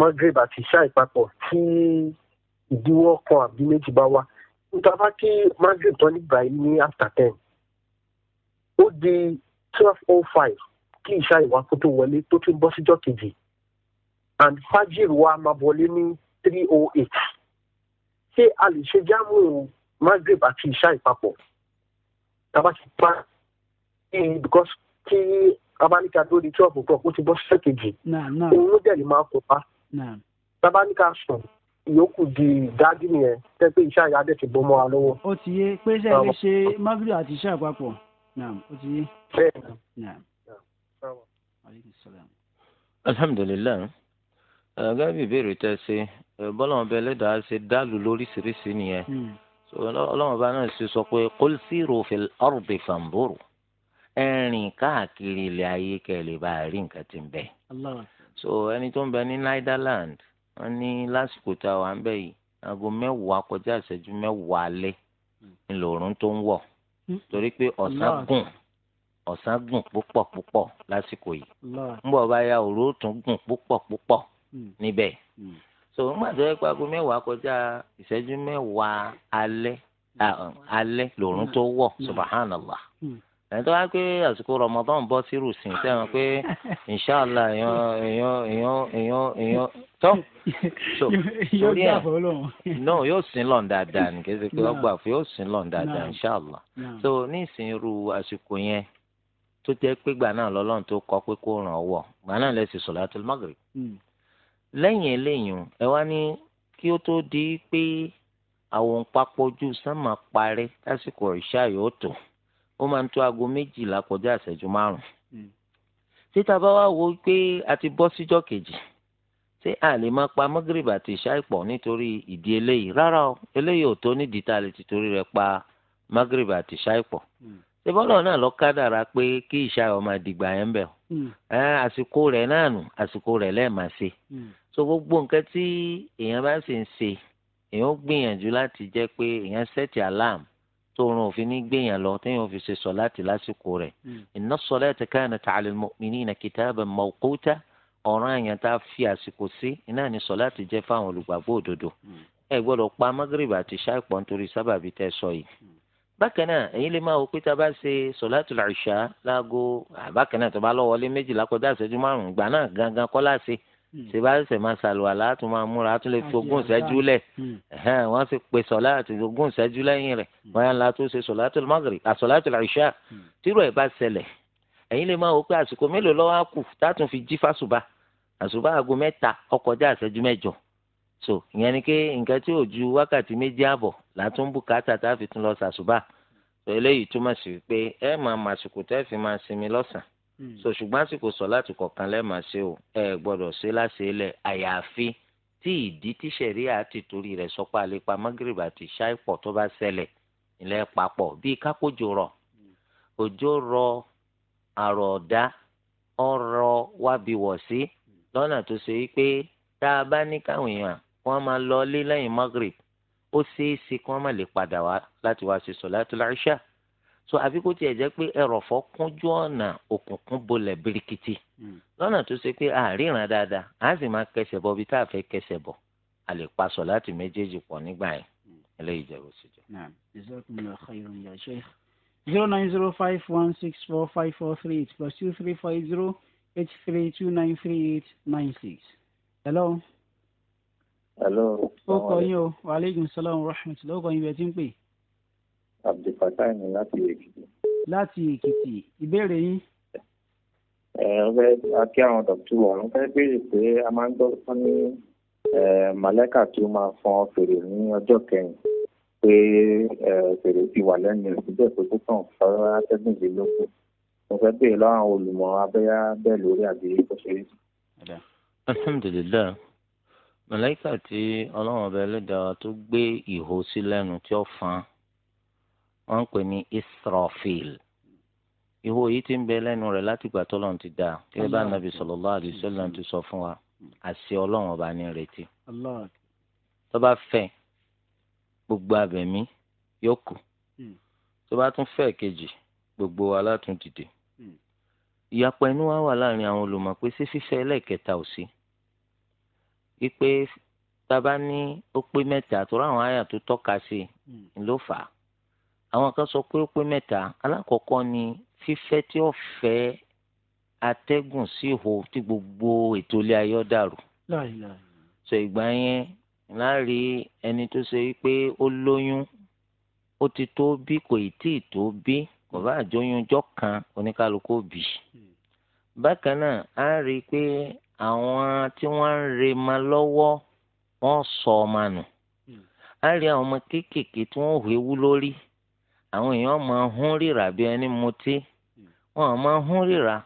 magreb àti ṣáì papọ̀ tí ìdíwọ́ kan àbí méjì bá wá níta bá kí magreb tán nígbà yìí ní after ten ó di twelve oh five kí ìṣá ìwà kó tó wọlé tó tún bọ́ síjọ́ kejì and fajir wa máa wọlé ní three oh eight ṣé a lè ṣe jámù magreth àti ìṣá ìpapọ̀ tàbá ti pa because kí abáníkà tó di twelve o'clock ó ti bọ́ sísẹ́ kejì òun ló dẹ̀ lè máa kó pa tábáníkà sùn ìyókù di dájú nìyẹn tẹ́ pé ìṣá ìyá dẹ̀ ti bọ́ mọ́ wa lọ́wọ́. ó ti yé pé ṣe lè ṣe magreth àti ìṣá ìpapọ̀ ó ti yé. alhamdulilayi gẹ́gẹ́ bí ìbéèrè tẹ́ ṣe bọ́lọ́mọ bẹ lẹ́dàá ṣe dálù lóríṣiríṣi nìyẹn hmm. ọlọ́mọ bá náà ṣe sọ pé qul siru fil ardi fanzuru ẹ̀rìn káàkiri ilẹ̀ ayé kẹ́lẹ́ bá rí nǹkan tí ń bẹ. so ẹni tó ń bẹ ní Netherland wọn ní lásìkò tá a wà ń bẹ yìí aago mẹ́wàá kọjá ìṣẹ́jú mẹ́wàá alẹ́ ńlọrọrùn tó ń wọ̀ hmm. torí pé ọ̀sán gùn ọ̀sán gùn púpọ̀ púpọ̀ lásìkò yìí ń bọ̀ bá ya òru gùn púpọ̀ púpọ̀ Hmm. níbẹ̀ hmm. so wọn gbàdúrà yẹ pé aago mẹ́wàá kọjá ìṣẹ́jú mẹ́wàá alẹ́ hmm. alẹ́ lòrùn tó wọ̀ subahánàlá ẹni tó wá pé àsìkò rọmọdán bọ́ sí rùsìn sẹ́wọ̀n pé inṣàlá èèyàn èèyàn èèyàn èèyàn tọ́ so torí ẹ̀ no yóò sin lọ́n dáadáa ní kí ẹ ṣe pé ọgbà fún yóò sin lọ́n dáadáa inṣàlá so ní ìsìn irú àsìkò yẹn tó jẹ́ pé gbà náà lọ́lọ́run tó kọ pé kó ràn ọ́ wọ̀ gbà náà lẹ́sìn sọ̀látùl Maghrib lẹ́yìn eléyìí ẹ wá ní kí ó tó di pé àwọn papọ̀jù sánmà parẹ́ lásìkò ìṣá yóò tó ó máa ń tó aago méjìlá kọjá ìṣẹ́jú márùn-ún. Hmm. títa bá wá wo pé a ti bọ́ síjọ́ kejì ṣé a lè máa pa mọ́gìrìbì àti ìṣá ìpọ̀ nítorí ìdí eléyìí rárá o eléyìí ò tó nídìí tá a lè ti torí rẹ̀ pa mọ́gìrìbì àti ìṣá ìpọ̀ sebọ́lọ̀ hmm. náà lọ kádàrá pé kí ìṣá ọmọ àdìgbà yẹn bẹ̀ ọ́ hmm. àsìkò rẹ̀ náà nù àsìkò rẹ̀ lẹ́ẹ̀ máa ṣe so gbogbo nǹkan tí èèyàn bá sì ń ṣe èèyàn ó gbìyànjú láti jẹ́ pé èèyàn sẹ́ẹ̀tì alarm tóorun òfin ní gbèyàn lọ téèyàn fi ṣe sọláàtì lásìkò rẹ̀ hmm. inna salata kanat ala al-mu'minina kitaban mawquta ọ̀ràn àyàn tá a fi àsìkò sí iná ní sọláàtì jẹ́ fáwọn olùgbàgbọ́ òdodo hmm. ẹ gbọ́dọ̀ pa magreba àti ṣáìpọ̀ nítorí sábàbí tẹ́ sọ yìí hmm. bákan náà èyí lè máa wò pé tá a bá ṣe sọláàtì làṣà láago bákan náà tó bá lọ wọlé méjìlá kọjá ìṣẹ́jú márùn-ún náà gangan kọ́ láṣẹ ṣèbáṣẹ hmm. máa ṣàlùwàlá tó máa múra tó lè fi ogún ìṣẹ́jú lẹ̀ hmm. wọ́n sì pe sọ̀lá àti ogún ìṣẹ́jú lẹ́yìn rẹ̀ wọ́n hmm. yàn látó ṣe sọ̀lá tó maghrib àsọ̀lá tó ìṣá tírò ẹ̀ bá ṣẹlẹ̀ ẹ̀yin lè máa wò pé àsìkò mélòó lọ́wọ́ á kù tátùn fi jí fásùbà àsùbà aago mẹ́ta ọkọjá ìṣẹ́jú mẹ́jọ so ìyẹn ni pé nǹkan tí ò ju wákàtí méjì ààbọ̀ látún bùkátà tá a fi tún lọ ṣàsùbà so eléyìí túmọ̀ sí pé ẹ máa màsìkò tẹ́ fi máa sinmi lọ́sàn-án Hmm. so ṣùgbọ́n àsìkò sọ láti kọ̀ọ̀kan lẹ́ẹ̀ma ṣe o ẹ gbọ́dọ̀ ṣe láṣẹ lẹ̀ àyàfi tí ìdí tí sẹ̀ríà ti torí rẹ̀ sọ́pá àlepa mọ́gìrìbà ti ṣáìpọ̀ tó bá ṣẹlẹ̀ ilẹ̀ papọ̀ bíi kákójò rọ̀ hmm. òjò rọ àrọ̀ọ̀dá ọ̀rọ̀ wábiwọ̀sí hmm. lọ́nà tó ṣe wípé tá a bá ní káwọn èèyàn wọ́n máa lọ lé lẹ́yìn mọ́gìrìb ó ṣeé ṣe kí wọ́n má lè padà wá láti wá ṣe sọ̀látùl ìṣà so àfi kó tiẹ̀ jẹ́ pé ẹrọ̀fọ́ kúnjú ọ̀nà òkùnkùn bolẹ̀ birikiti hmm. lọ́nà tó ṣe pé àríran dáadáa a sì máa kẹsẹ̀ bọ̀ bí tá a fẹ́ kẹsẹ̀ bọ̀ a lè pa sọ láti méjèèjì pọ̀ nígbà yẹn hmm. eléyìí jẹ́ oṣù jọ. zero nine zero five one six four five four three eight plus two three four eight zero eight three two nine three eight nine six. hello. hello. ó kọ yín o waaleykum salaam wa rahmatulah ó kọ yín bẹ́ẹ̀ tí ń pè é abdulfatai ni láti èkìtì. láti èkìtì ìbéèrè yín. ẹ ẹ fẹ́ kí àwọn dọ̀tú ọ̀run fẹ́ béèrè pé a máa ń gbọ́ fún ní màlẹ́kà tí ó máa fọn fèrè ní ọjọ́ kẹyìn pé fèrè ti wà lẹ́nu ẹ̀ síbẹ̀ pé kó kàn fọ́nrán atẹ́gùndínlógún mo fẹ́ béèrè lọ́wọ́ olùmọ̀ abẹ́yá bẹ́ẹ̀ lórí àbí kó ṣe é. alhamdulilayi màlẹ́kà tí ọlọ́run ọba ẹlẹ́dàá tó gbé ìhó sí lẹ́nu tí ó fan wọ́n ń pè ní Israfil ihò yìí ti ń bẹ lẹ́nu rẹ̀ láti gbà tọ́lọ́run ti dáa kílẹ̀ bá nàbì sallallahu alaihi wasallam ti sọ fún wa àṣẹ ọlọ́run ọba ní retí tó bá fẹ́ gbogbo abẹ̀mí yóò kù hmm. tó bá tún fẹ́ kejì gbogbo wa látún dìde hmm. ìyapa inú wa wà láàrin àwọn olùmọ̀ pé sí fífẹ́ ẹlẹ́ẹ̀kẹta ò sí wípé tá a bá ní ó pé mẹ́ta àtúrò àwọn àyà tó tọ́ka sí hmm. ló fà á àwọn kan sọ pé ó pé mẹ́ta alákọ̀ọ́kọ́ ni fífẹ́ tí ó fẹ́ atẹ́gùn sí ihò tí gbogbo ètò ilé ayé dàrú. sọ ìgbà yẹn láàrin ẹni tó ṣe pé ó lóyún ó ti tó bí kò ì tí ì tó bí kò bá àjọyúnjọ́ kan oníkálukú bì. bákan náà a rí i pé àwọn tí wọ́n ń re ma lọ́wọ́ wọ́n sọ ọmọ nù. a rí àwọn ọmọ kéékèèké tí wọ́n hu ewu lórí àwọn èèyàn máa hún ríra bí ẹni mutí wọn á máa hún ríra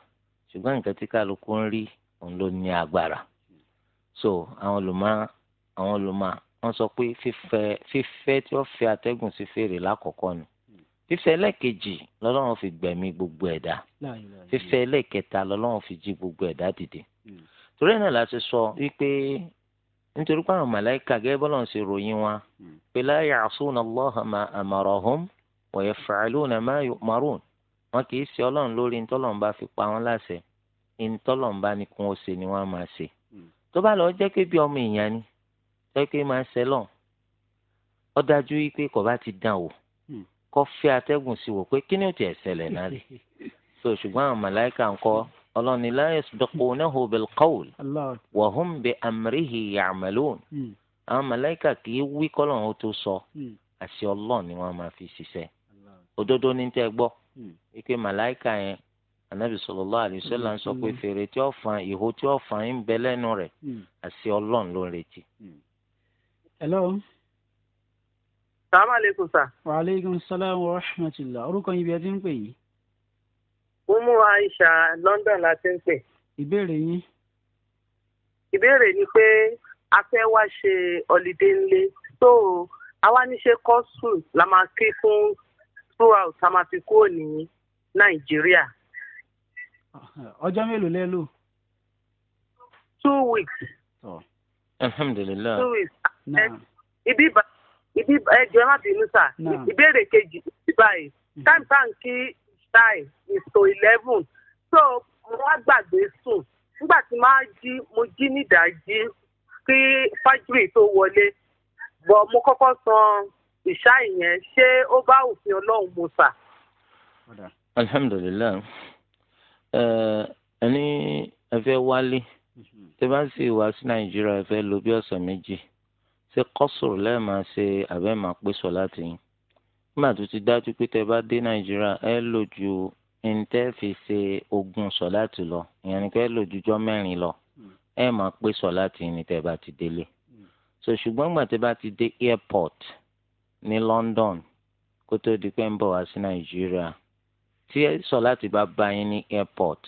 ṣùgbọ́n nǹkan tí kálukú ń rí òun ló ní agbára so àwọn olùmọ̀ àwọn olùmọ̀ wọn sọ pé fífẹ́ fífẹ́ tí wọ́n fẹ́ atẹ́gùn sí fèrè lákọ̀ọ́kọ́ ni fífẹ́ ẹlẹ́ẹ̀kejì lọ́lọ́run fi gbẹ̀mí gbogbo ẹ̀dá fífẹ́ ẹlẹ́ẹ̀kẹta lọ́lọ́run fi jí gbogbo ẹ̀dá dìde hmm. torí ẹ̀ náà la ṣe sọ wípé nítorí pé àwọn màláìka gẹ́gẹ́ bọ́lọ́run ṣe ròyìn wọn hmm. pé la ya'suna Allaha ma amarahum wa yaf'aluna ma yu'marun wọn kì í ṣe ọlọ́run lórí ntọ́lọ́run bá fi pa wọn láṣẹ ntọ́lọ́run bá ní kún ó ṣe ni wọ́n máa ṣe hmm. tó bá lọ jẹ́ pé bí ọmọ èèyàn ni jẹ́ pé máa ṣẹlọ̀ ó dájú pé kò bá ti dàn wò hmm. kó fẹ́ atẹ́gùn sí wò pé kí ni ó tiẹ̀ ṣẹlẹ̀ náà rè so ṣùgbọ́n àwọn màláìka ńkọ́ ọlọ́run ni la yasbiqunahu bil qawl wa hum bi amrihi ya'malun hmm. àwọn màláìka kì í wí kọ́lọ́run ó tó sọ àṣẹ ọlọ́run ni wọ́n máa fi ṣiṣẹ́ òdodo ní tẹ́ gbọ́ wípé hmm. màláìka yẹn anabi sallallahu alaihi wasallam ń sọ pé hmm. fèrè tí ó fàn ìhó tí ó fàn ń bẹ lẹ́nu rẹ̀ hmm. àti Ọlọ́run ló ń retí. hello. salaam aleykum sa. wa aleykum salaam wa rahmatulah orúkọ yín bí ẹ ti ń pè yìí. umu aisha london la ti ń pè. ìbéèrè yín. ìbéèrè ni pé a fẹ́ wá ṣe ọ̀lídé ńlé tó àwa ní ṣe kọ́sù la máa kí fún throughout a máa fi kúrò ní nàìjíríà. ọjọ́ mélòó lẹ́ lò. two weeks. Oh. alhamdulilayi. two weeks. ibi ibi ẹjọ ẹ má bínú sà ìbéèrè kejì báyìí mm-hmm. time time kí time is to eleven so mo wá gbàgbé sùn nígbà tí máa jí mo jí nídàájí kí fájúrì tó wọlé bọ̀ mo kọ́kọ́ san ìṣá ìyẹn ṣé ó bá òfin ọlọ́run mu sà. alhamdulilayi ẹni ẹ fẹ́ wálé mm-hmm. tí bá sì wá sí nàìjíríà ẹ fẹ́ lò bí ọ̀sẹ̀ méjì ṣé kọ́sùrù lẹ́ẹ̀ máa ṣe àbẹ́ máa pé sọ láti yín nígbà tó ti dájú pé tẹ́ bá dé nàìjíríà ẹ lò ju ntẹ́ fi ṣe ogún sọ láti lọ ìyẹn ni pé ẹ lò jujọ́ mẹ́rin lọ mm. ẹ máa pé sọ láti yín ni tẹ́ bá ti délé mm. so ṣùgbọ́n gbà tẹ́ bá ti dé airport ní London kó tó di pé ń bọ̀ wá sí Nàìjíríà tí sọ̀láàtì bá bá yín ní airport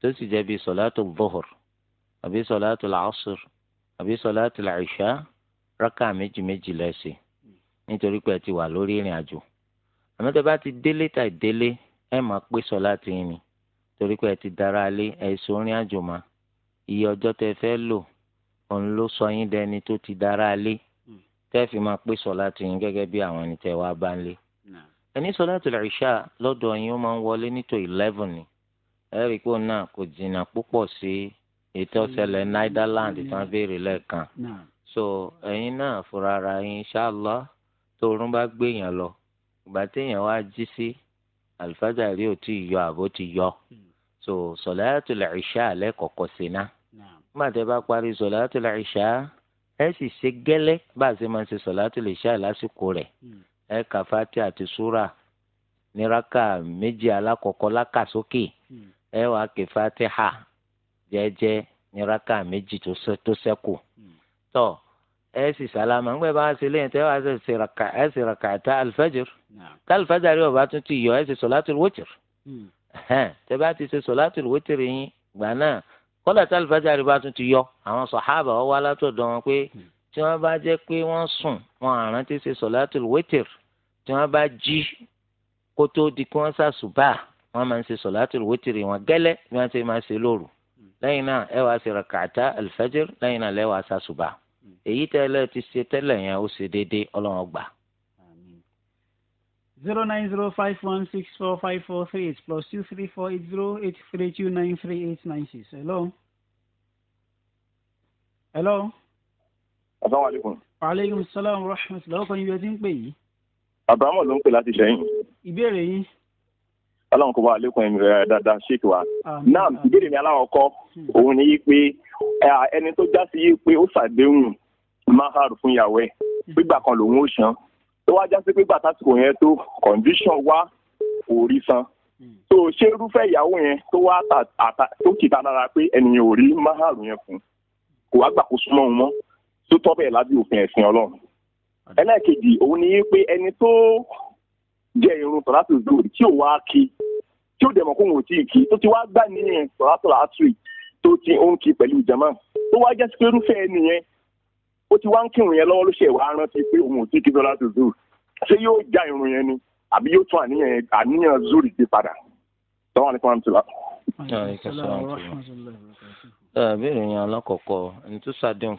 tó sì jẹ́ bí sọ̀láàtì dhuhr àbí sọ̀láàtì làásùr àbí sọ̀láàtì làìṣá rákà méjì méjì lẹ́sẹ̀ nítorí pé ẹ ti wà lórí ìrìn àjò àmọ́ tẹ́ bá ti délé tàì délé ẹ máa pé sọ̀láàtì yín ni torí pé ẹ ti dára lé ẹ̀sùn ìrìn àjò máa iye ọjọ́ tẹ́ fẹ́ lò òun ló sọ yín dẹni tó ti dára lé tẹ́ẹ̀fì máa pé sọ̀lá ti yín gẹ́gẹ́ bí àwọn ẹni tẹ́ wá bá ń lé. ẹni sọ̀lá tó lè rí ṣáà yín ó máa ń wọlé nítò eleven ni ẹ̀rí pé òun náà kò jìnnà púpọ̀ sí ètò ọ̀sẹ̀lẹ̀ Netherland tó ń béèrè lẹ́ẹ̀kan. so ẹ̀yin náà fúnra ara yín ṣáàlọ́ tó oorun bá gbé yàn lọ ìgbà téèyàn wá jí sí àlùfáàjà rí ò tí ì yọ àbó ti yọ hmm. so sọ̀lá tó lè rí ṣáà lẹ́kọ̀ọ̀kọ̀ sí náà. nígbà tẹ́ bá parí sọ̀lá tó lè ẹ sì ṣe gẹ́lẹ́ bá a ṣe máa ṣe sọ̀látù lè ṣáì lásìkò rẹ̀ hmm. ẹ kà fati àti súrà níraka méjì alákọ̀ọ́kọ́ lákàsókè hmm. ẹ wà ké fatiha jẹ́jẹ́ níraka méjì tó ṣẹ́kù hmm. tọ́ ẹ sì sàlámà ńgbẹ́ bá a ṣe lẹ́yìn tẹ́ wàá ẹ sì raka ta alifajir tá alifajir yóò bá tún ti yọ ẹ sì sọ̀látù wọ́tìr tẹ́ bá ti ṣe sọ̀látù wọ́tìr yín gbà náà kọ́lá tí alifájárì bá tún ti yọ àwọn sọ̀hábà ọ wá látọ̀dọ̀ wọn pé hmm. tí wọ́n bá jẹ́ pé wọ́n sùn wọn àrántí ṣe sọ̀látùl wẹ́tìr tí wọ́n bá jí kó tó di kí wọ́n ṣàṣùbà wọ́n máa ń ṣe sọ̀látùl wẹ́tìr wọn gẹ́lẹ́ bí wọ́n ṣe máa ṣe lóru hmm. lẹ́yìn náà ẹ wàá ṣe rakàtà alifájárì lẹ́yìn náà lẹ́wàá ṣàṣùbà hmm. èyí tẹ́lẹ̀ ti ṣe tẹ́lẹ̀ yẹn ó ṣe déédéé ọlọ́run gbà zero nine zero five one six four five four three eight plus two three four eight zero eight three two nine three eight nine six. hello. hello. asalaamualeykum. aleykum salaam wa rahmatulah ọkọ ibi ẹtí ń pè yìí. abrahamu ló ń pè láti ṣẹ́yìn. ìbéèrè yín. ọlọ́run kò bá àlékún ẹ̀mí rẹ̀ dáadáa ṣéèkì wa. náà ìbéèrè mi aláwọ̀kọ́ hmm. òun ni yí pé ẹni tó já sí yí pé ó ṣàdéhùn máa ń hàrù fún ìyàwó ẹ̀ gbígbà hmm. kan lòun ó ṣan tó wá já sí pé gbà tásìkò yẹn tó condition wa kò rí san tó hmm. ṣé irúfẹ́ ìyàwó yẹn tó wá tó kìta lára pé ẹnìyàn ò rí máhàrù yẹn fún kò wá gbà kó súnmọ́ òun mọ́ tó tọ́ bẹ́ẹ̀ lábẹ́ òfin ẹ̀sìn ọlọ́run ẹlẹ́ẹ̀kejì òun ni pé ẹni tó jẹ irun tọ́látò dòdì tí ò wá kí tí ó dẹ̀ kó wọn ò tí ì kí tó ti wá gbà ní tọ́látò látìrì tó ti ó ń kí pẹ̀lú jama tó wá jẹ́ pé irúfẹ́ ẹni ó ti wá ń kírun yẹn lọ́wọ́ ló ṣe ìwà rántí pé òun ò tí kí sọlá tó ṣé yóò já irun yẹn ni àbí yóò tún àníyàn àníyàn zuru ti padà sọ́wọ́n ní kọ́ńtù la. ìbéèrè yẹn alákọ̀ọ́kọ́ ní tó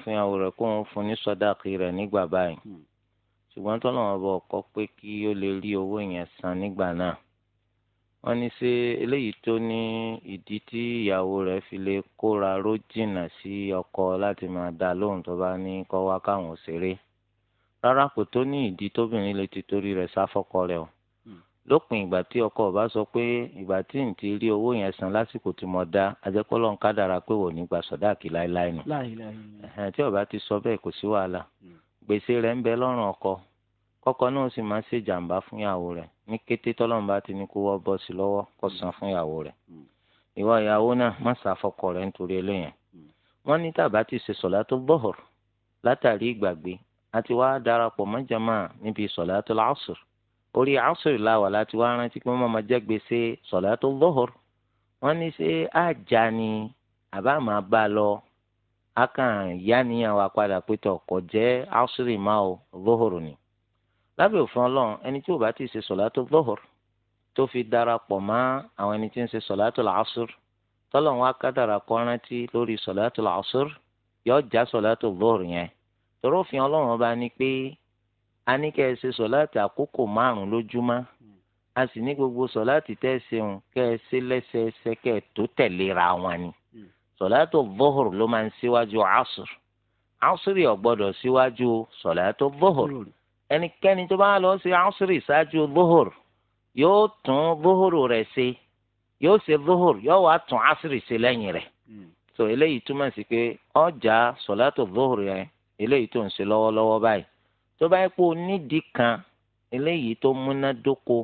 fún ìyàwó rẹ̀ kó wọ́n fún ní sọ́dáàkì rẹ̀ nígbà báyìí ṣùgbọ́n tọ́lọ́wọ́n bọ̀ kọ́ pé kí ó lè rí owó yẹn san nígbà náà wọ́n ní ṣe eléyìí tó ní ìdí tí ìyàwó rẹ̀ fi lè kóra ró jìnnà sí ọkọ láti máa dá lóhùn tó bá ní kọ́ wá káwọn òṣèré. rárá kò tó ní ìdí tóbìnrin lè ti torí rẹ̀ sáfọ́kọ rẹ̀ o hmm. lópin ìgbà tí ọkọ ọba sọ pé ìgbà tí n ti rí owó yẹn san lásìkò tí mo dá ajẹkọlọ ń kádàrá pé wò ní gba sọdáàkì láéláé nù tí ọba ti sọ bẹ́ẹ̀ kò sí wàhálà hmm. gbèsè rẹ̀ ń bẹ lọ́rùn ọkọ kọ́kọ́ náà sì máa ṣe jàǹbá fún ìyàwó rẹ̀ ní kété tọ́lọ́run bá ti ní kó wọ́ bọ́ sí lọ́wọ́ kó san fún ìyàwó rẹ̀ hmm. ìwọ ìyàwó náà má ṣàfọkọ rẹ̀ nítorí eléyẹn hmm. wọ́n ní tàbá ti ṣe sọ̀látù bọ́hùr látàrí ìgbàgbé àti wá darapọ̀ mọ́ jàmáà níbi sọ̀látù lásùr orí àsùr làwà láti wá rántí pé wọ́n máa jẹ́ gbèsè sọ̀látù bọ́hùr wọ́n ní ṣé àjà ni àbá máa bá a lọ akàn yáníyàn wa padà pé tọkọ jẹ́ àsùrì máa lábẹ́ òfin ọlọ́run ẹni tí ò bá ti ṣe sọ̀látò lọ́hùr tó fi darapọ̀ mọ́ àwọn ẹni tí ń ṣe sọ̀látò làásùr tọ́lọ́run wá kádàrà kọ́ rántí lórí sọ̀látò làásùr yóò já sọ̀látò lọ́hùr yẹn torí òfin ọlọ́run ọba ni pé a ní kẹ́ ẹ ṣe sọ̀látò àkókò márùn-ún lójúmọ́ a sì ní gbogbo sọ̀látì tẹ́ ẹ ṣeun kẹ́ ẹ ṣe lẹ́sẹẹsẹ kẹ́ ẹ tó tẹ̀léra wọn ni ẹnikẹ́ni tó bá lọ ṣe ásírì ṣáájú lóhùr yóò tún lóhùr rẹ̀ ṣe yóò ṣe lóhùr yóò wá tún ásírì ṣe lẹ́yìn rẹ̀ hmm. so eléyìí túmọ̀ sí pé ọjà sọ̀látò lóhùr yẹn eléyìí tó ń ṣe lọ́wọ́lọ́wọ́ báyìí tó bá yẹ pé onídìí kan eléyìí tó múnádóko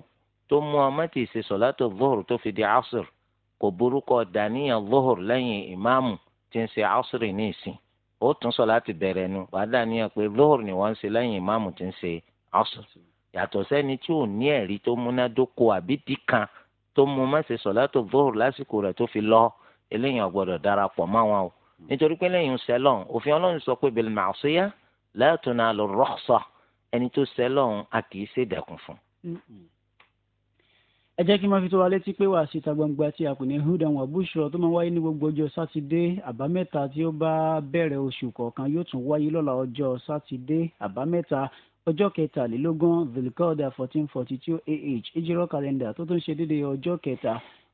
tó mú ọmọ tì í ṣe sọ̀látò lóhùr tó fi di kò burúkọ dàníyàn lóhùr lẹ́yìn ìmáàmù ti ń ṣe ásírì ní ìsìn ó tún sọ láti bẹ̀rẹ̀ nu wàá dà níyàn pé ni wọ́n ń ṣe lẹ́yìn ìmáàmù tí ń ṣe ọ̀sùn yàtọ̀ sẹ́ni tí ò ní ẹ̀rí tó múnádóko àbíbí kan tó mú mẹ́sẹ̀ sọ̀látò lóhùn lásìkò rẹ̀ tó fi lọ eléyìí ọ̀gbọ́dọ̀ darapọ̀ mọ́ wọn o nítorí pé lẹ́yìn sẹ́lọ̀n òfin ọlọ́run sọ pé bẹ̀rẹ̀ màṣíyá la tunalu rukhsa ẹni tó sẹ́lọ̀n a kì í ṣèdẹ̀kùn fún ẹ jẹ́ kí n máa fi tó wa létí pé wàá síta gbangba tí a kò ní húdàn wà búṣọ tó máa wáyé ní gbogbo ọjọ́ sátidé àbámẹ́ta tí ó bá bẹ̀rẹ̀ oṣù kọ̀ọ̀kan yóò tún wáyé lọ́la ọjọ́ sátidé àbámẹ́ta ọjọ́ kẹtàlélógún vilkoda fourteen forty two ah ìjírọ̀ kàlẹ́ndà tó tún ṣe déédéé ọjọ́ kẹta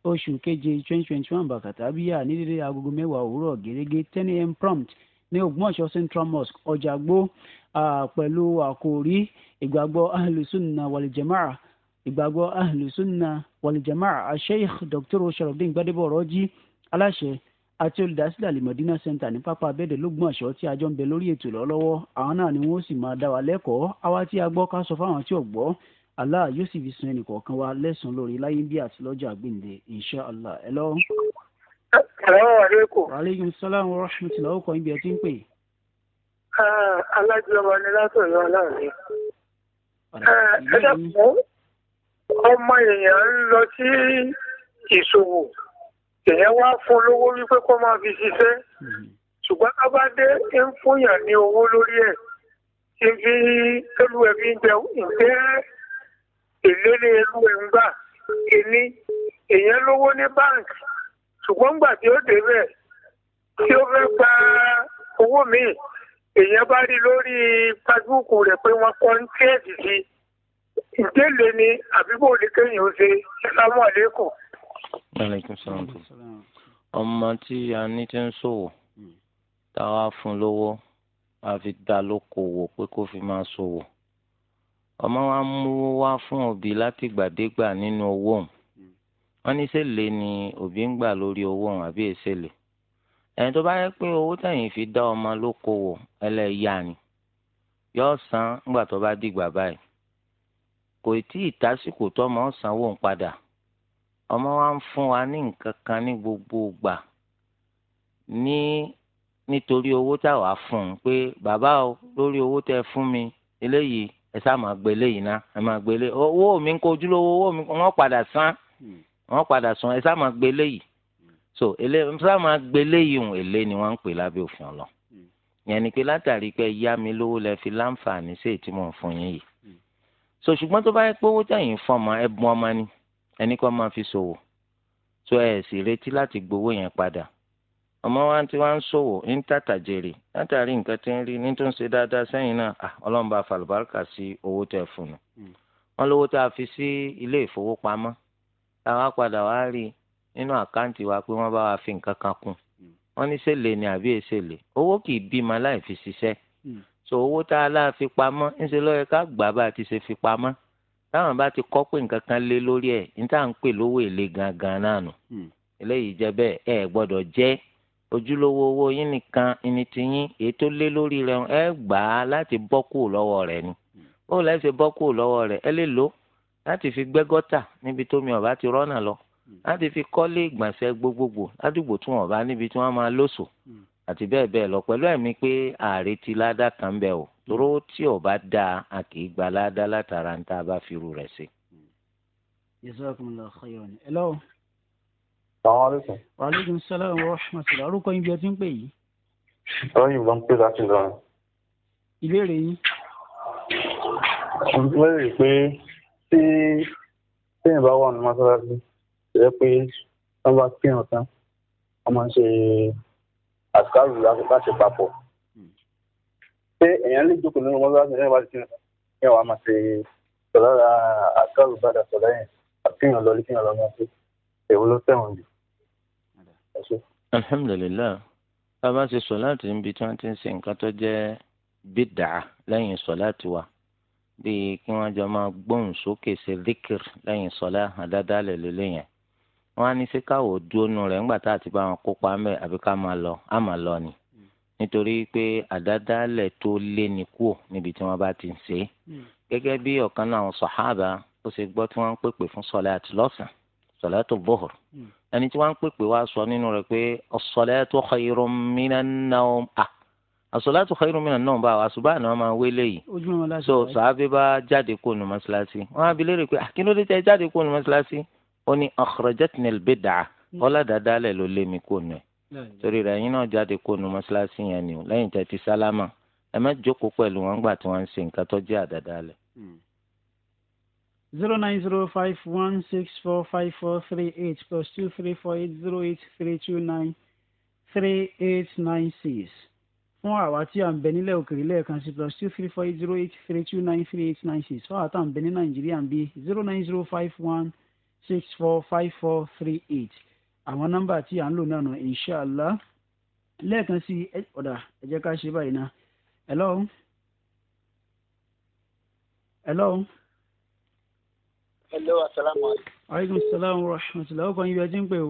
oṣù keje twenty twenty one bàkàtà bíyà ní déédéé agogo mẹ́wàá òwúrọ̀ gẹ́gẹ́ ten am prompt ní Ògbómọ̀ṣọ́ Central Mosque Ọjàgbó pẹ̀lú àkòrí ìgbàgbọ́ ahlùsùn náà wàlìjẹmáà ìgbàgbọ́ ahlùsùnà wàlìjàmá sheikh dr sharafdin gbadebo ọ̀rọ̀jì aláṣẹ àti olùdásílẹ̀ alimọ̀dínà center ní pápá abẹ́ẹ̀dẹ̀ lọ́gbọ̀nsọ̀ tí a jọ ń bẹ lórí ètò lọ́wọ́ àwọn náà ni wọ́n sì máa dá wa lẹ́kọ̀ọ́ àwa tí a gbọ́ ká sọ fáwọn tí ò gbọ́ allah yóò sì fi sun ẹnìkọ̀ọ̀kan wa lẹ́sùn lórí láyé bí àti lọ́jọ́ àgbéǹde insha allah ẹ lọ. salaamaleykum. aleykum salaam wa rahmatulah ó ibi ẹ ti ń pè. Ah, alájọba ni látọ̀ yọ aláàbí. ẹ dàpọ̀ ọmọ èèyàn ń lọ sí ìṣòwò èèyàn wá fún lówó wípé kó máa fi ṣiṣẹ́ ṣùgbọ́n tá bá dé ń fúnyàn ní owó lórí ẹ̀ tí fi ẹlú ẹ̀ fi ń jẹ ǹjẹ́ èlélé ẹlú ẹ̀ ń gbà kíní èèyàn lówó ní báǹkì ṣùgbọ́n gbà tí ó débẹ̀ tí ó fẹ́ gba owó míì èèyàn bá rí lórí facebook rẹ̀ pé wọ́n kọ́ ń tíyẹ̀dì sí i ìdélé ni àbíkó lè ó ṣe sálámù àlékún. aleykum salaam tó ọmọ tí a ní ti ń ṣòwò hmm. táwa fún lówó a fi dá lókòwò pé kó fi máa ṣòwò ọmọ wa mú wá fún òbí látìgbàdégbà nínú owó òun hmm. wọn ní sèlè ni òbí ń gbà lórí owó òun àbí èsèlè ẹni tó bá yẹ pé owó tẹ̀yìn fi dá ọmọ lókòwò ẹlẹ́yà ni yóò san nígbà tó bá dìgbà báyìí kò tí ì tásìkò tọ́mọ sanwó ń padà ọmọ wa ń fún wa ní nǹkan kan ní gbogbo ìgbà ní nítorí owó tá a wàá fún un pé bàbá o lórí owó tẹ fún mi eléyìí ẹ sá máa gbé eléyìí ná ẹ máa gbé eléyìí owó mi ń kojú owó mi wọ́n padà san wọ́n padà san ẹ sá máa gbé eléyìí so ele ẹ sá máa gbé eléyìí hùn èlé ni wọ́n ń pè lábẹ́ òfin ọlọ yẹn ni pé látàrí pé yá mi lówó lẹ fi láǹfààní sí ètí mò ń fún yín yìí so ṣùgbọ́n tó bá yẹ pé owó tẹ̀yìn fún ọmọ ẹ̀bùn ọmọ ni ẹni kọ́ máa fi ṣòwò tó ẹ̀ sì retí láti gbowó yẹn padà ọmọ wa ti wá ń ṣòwò ń tàtà jèrè látàrí nǹkan tí ń rí ní tó ń ṣe dáadáa sẹ́yìn náà ọlọ́run bá falùbáríkà sí owó tẹ̀ fún un hmm. wọn lówó tá a fi sí ilé ìfowópamọ́ táwa padà wá rí nínú àkáǹtì wa pé wọ́n bá wa fi nǹkan kan kún hmm. wọ́n ní ṣèlè ni àbí èṣèlè owó kì í bímọ láì fi ṣiṣẹ́ hmm so owó tá a láà fi pamọ́ ńṣe ló yẹ ká gbà bá a ti ṣe fi pamọ́ táwọn bá ti kọ́ pé nǹkan kan lé lórí ẹ̀ ní tá à ń pè lówó èlé gangan náà nù hmm. eléyìí jẹ́ bẹ́ẹ̀ ẹ gbọ́dọ̀ jẹ́ ojúlówó owó yín nìkan ẹni tí yín èyí tó lé lórí rẹ̀ ẹ gbà á láti bọ́ kúrò lọ́wọ́ rẹ̀ ni hmm. ó lẹ́ẹ̀ ṣe bọ́ kúrò lọ́wọ́ rẹ̀ ẹ lè lò láti fi gbẹ́ gọ́tà níbi tómi ọ̀bá ti rọ́nà lọ hmm. láti fi kọ́lé ìgbọ̀nsẹ̀ gbogbogbò ládùúgbò tí wọ́n bá níbi tí wọ́n máa lóṣòó àti bẹ́ẹ̀ bẹ́ẹ̀ lọ pẹ̀lú ẹ̀mí pé ààrẹ ti ládàá kan bẹ̀ ò lóró tí ò bá dáa a kì í gba ládàá látara ń tá a bá fi irú rẹ̀ sí. jazakumullahu khairan ni. hello. salaamaleykum. waaleykum salaam wa rahmatulah orúkọ yín bí ẹ ti ń pè yìí. lọ́yìn ló ń pè láti lọ́rùn. ìbéèrè yín. mo ń bẹ̀rẹ̀ pé tí téèyàn bá wà ní mọ́ṣáláṣí ṣe é pé wọ́n bá kírun tán wọ́n máa ń ṣe àsìkárù láti papọ̀ hmm. ṣé èèyàn lè jókòó nínú mọ́sálásí ní ìwádìí tí yẹn wàá máa ṣe sọ̀lára àsìkárù padà sọ̀rọ̀ yẹn àfihàn lọ kíyàn lọ máa ṣe èwo ló tẹ̀wọ̀n jù. alhamdulilayi tá a bá ṣe sọ̀láàtì níbi tí wọ́n ti ń ṣe nǹkan tó jẹ́ bídàá lẹ́yìn sọ̀láàtì wa bíi kí wọ́n jọ máa gbóhùn sókè ṣe díkìr lẹ́yìn sọ̀lá àdádálẹ̀ lélẹ́yìn wọ́n á ní ṣé káwọ́ dúró nu rẹ̀ ńgbà tá a ti bá wọn kópa ń bẹ̀ àbí ká máa lọ á máa lọ ni hmm. nítorí pé àdádálẹ̀ tó lé ní kúò níbi tí wọ́n bá ti ń ṣe é hmm. gẹ́gẹ́ bí ọ̀kan náà àwọn sàhábà ó ṣe gbọ́ tí wọ́n ń pèpè fún sọ̀láàtì lọ́sàn sọ̀láàtì bọ́ọ̀r hmm. ẹni tí wọ́n ń pèpè wá sọ nínú rẹ̀ pé as-salatu khayrun minan nawm à as-salatu khayrun minan nawm bá àṣùbà náà máa wé léyìí so sàábì bá jáde kó nu mọ́ṣáláṣí wọ́n á bi léèrè pé àkínúdé tẹ jáde kó nu mọ́ṣáláṣí ó ní akhrajatni al-bid'ah hmm. ọlọ́dàdálẹ̀ ló lé mi kó nù ẹ̀ torí rẹ̀ ẹ̀yin náà jáde kó nu mọ́ṣáláṣí yẹn ni o lẹ́yìn tẹ́ ti sálámà ẹ má jókòó pẹ̀lú wọn gbà tí wọ́n ń ṣe nǹkan tó jẹ́ àdàdálẹ̀. Hmm. zero nine zero five one six four five four three eight plus two three four eight zero eight three two nine three eight nine six fún àwa tí à ń bẹ nílẹ̀ òkèèrè lẹ́ẹ̀kan sí plus two three four eight zero eight three two nine three eight nine six fún àwa tá à ń bẹ ní nàìjíríà ń bí zero nine zero five one six four five four three eight àwọn nọ́mbà tí à ń lò náà nù inshàlá lẹ́ẹ̀kan sí ọ̀dà ẹ ká ṣe báyìí náà hello hello. hello asalaamualeykum. aleykum salaam wa rahmatulah ọkọ yín bí ẹ ti ń pè o.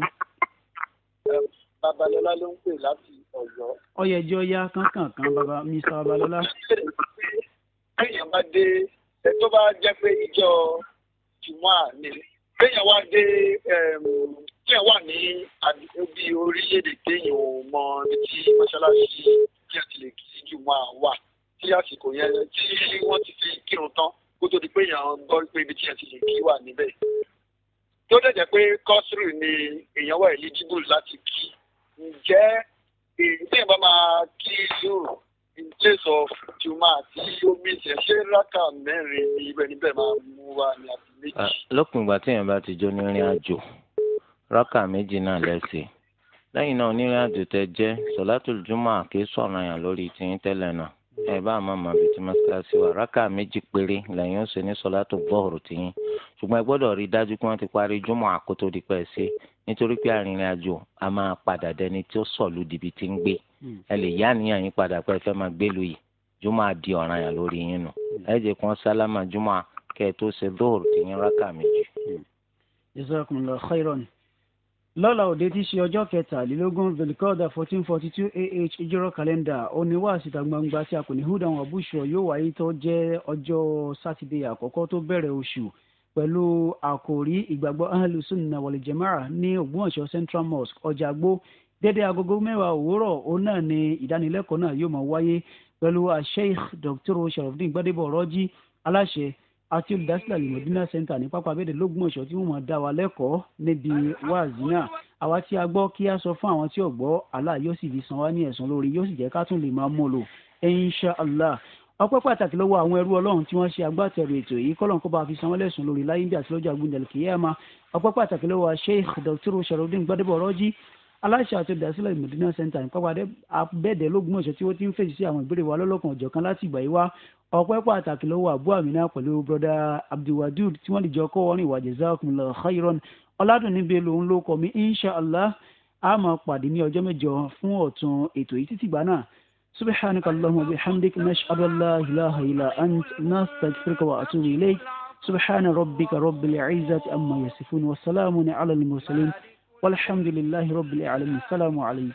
babalọla ló ń pè láti Ọ̀yọ́. ọyẹjọ ya kankan kan baba mr babalọla. kéèyàn bá dé ẹ tó bá jẹ́ pé ìjọ jùmọ̀ àná kéèyàn wá dé kéèyàn wà ní bí orílẹ̀-èdè kéèyàn ò mọ tí mọ́ṣáláṣí kí a ti lè kí kí wọ́n wà tí àsìkò yẹn tí wọ́n ti fi kírun tán kó tó di pé èèyàn gbọ́ pé ibi tí a ti lè kí wà níbẹ̀. tó dẹ̀ jẹ́ pé kọ́sìrì ni èèyàn wà eligible láti kí ǹjẹ́ èyí tí bá máa kí yóò in place of juma tí ó mísẹ̀ ṣé rákà mẹ́rin ni ibẹ̀ níbẹ̀ máa mú wa ní àti méjì. Ah, lópin ìgbà tí èèyàn bá ti jó nírìn àjò rákà méjì náà lẹ́sẹ̀ lẹ́yìn náà onírìn àjò tẹ jẹ́ sọ̀látùl júmọ̀ yàn lórí tiyín náà ẹ bá àmọ́ àmọ́ àbí tí mọ́sálásí wà raka méjì péré lẹ́yìn ọ̀sẹ̀ ní sọlá tó bọ́ọ̀rù tìyín ṣùgbọ́n ẹ gbọ́dọ̀ rí i dájú pé wọ́n ti parí júmọ̀ àkótó di pẹ́ ṣe nítorí pé arìnrìn àjò a máa padà dẹni tí ó sọ̀lù dìbì tí ń gbé hmm. ẹ lè yá àníyàn yín padà pé ẹ fẹ́ máa gbé lu yìí júmọ̀ á di ọ̀ràn yà lórí yín nù hmm. ẹ jẹ́ kí wọ́n sálámà júmọ̀ kẹ́ ẹ tó ṣe bọ́ọ̀rù tìyín rákà méjì. Hmm. jazakumullahu khairan lọ́la òde tí í ṣe ọjọ́ kẹtàlélógún velikọ́dà fourteen forty two ah ìjírọ̀ kàlẹ́ndà oníwàásí ta gbangba tí a kò ní húdà wọn àbúṣọ yóò wáyé tó jẹ́ ọjọ́ sátidé àkọ́kọ́ tó bẹ̀rẹ̀ oṣù pẹ̀lú àkòrí ìgbàgbọ́ ahlùsùnà wal jamaa ní ògbómọ̀ṣọ́ central mosque ọjàgbó dédé agogo mẹ́wàá òwúrọ̀ òun náà ni ìdánilẹ́kọ̀ọ́ náà yóò máa wáyé pẹ̀lú sheikh dr sharafdin gbadebo ọ̀rọ̀jì aláṣẹ àti olùdásílẹ̀ alimọ̀dínà sẹ́ńtà ní pápá abẹ́dẹ̀ lọ́gbọ̀nsọ̀ tí wọ́n máa dá wa lẹ́kọ̀ọ́ níbi wáàzì náà àwa tí a gbọ́ kí a sọ fún àwọn tí ò gbọ́ Allah yóò sì fi san wá ní ẹ̀san lórí yóò sì jẹ́ ká tún lè máa mú lò insha allah ọpẹ́ pàtàkì lọ́wọ́ àwọn ẹrú ọlọ́run tí wọ́n ṣe agbátẹrù ètò yìí kọ́lọ́n kó bá fi san wọ́n lẹ́sùn lórí láyé bí àti lọ́jọ́ àgbéǹdẹ̀lẹ̀ kìí ẹ̀ máa ọpẹ́ pàtàkì lọ́wọ́ sheikh dr sharafdin gbadebo ọ̀rọ́jì aláṣẹ àti olùdásílẹ̀ ìmọ̀dínà center ìpápádé abẹ́ẹ̀dẹ́ lógún ọ̀sẹ̀ tí wọ́n ti ń fèsì sí àwọn ìbéèrè wa lọ́lọ́kan ọ̀jọ̀kan láti ìgbà yìí wá ọpẹ́ pàtàkì lọ́wọ́ àbú àmínà pẹ̀lú broda abdulwadud tí wọ́n lè jọ kọ́ orin ìwà jazakumullahu khairan ọ̀làdùnní bello ń lókọ mi inshallah a máa pàdé ní ọjọ́ mẹ́jọ fún ọ̀tun ètò yìí títí gbà náà subhanaka allahumma wa bihamdika nashhadu an la ilaha illa ant nastaghfiruka wa atubu ilayk subhana rabbil izzati amma yasifun wa salamun ala al والحمد لله رب العالمين السلام عليكم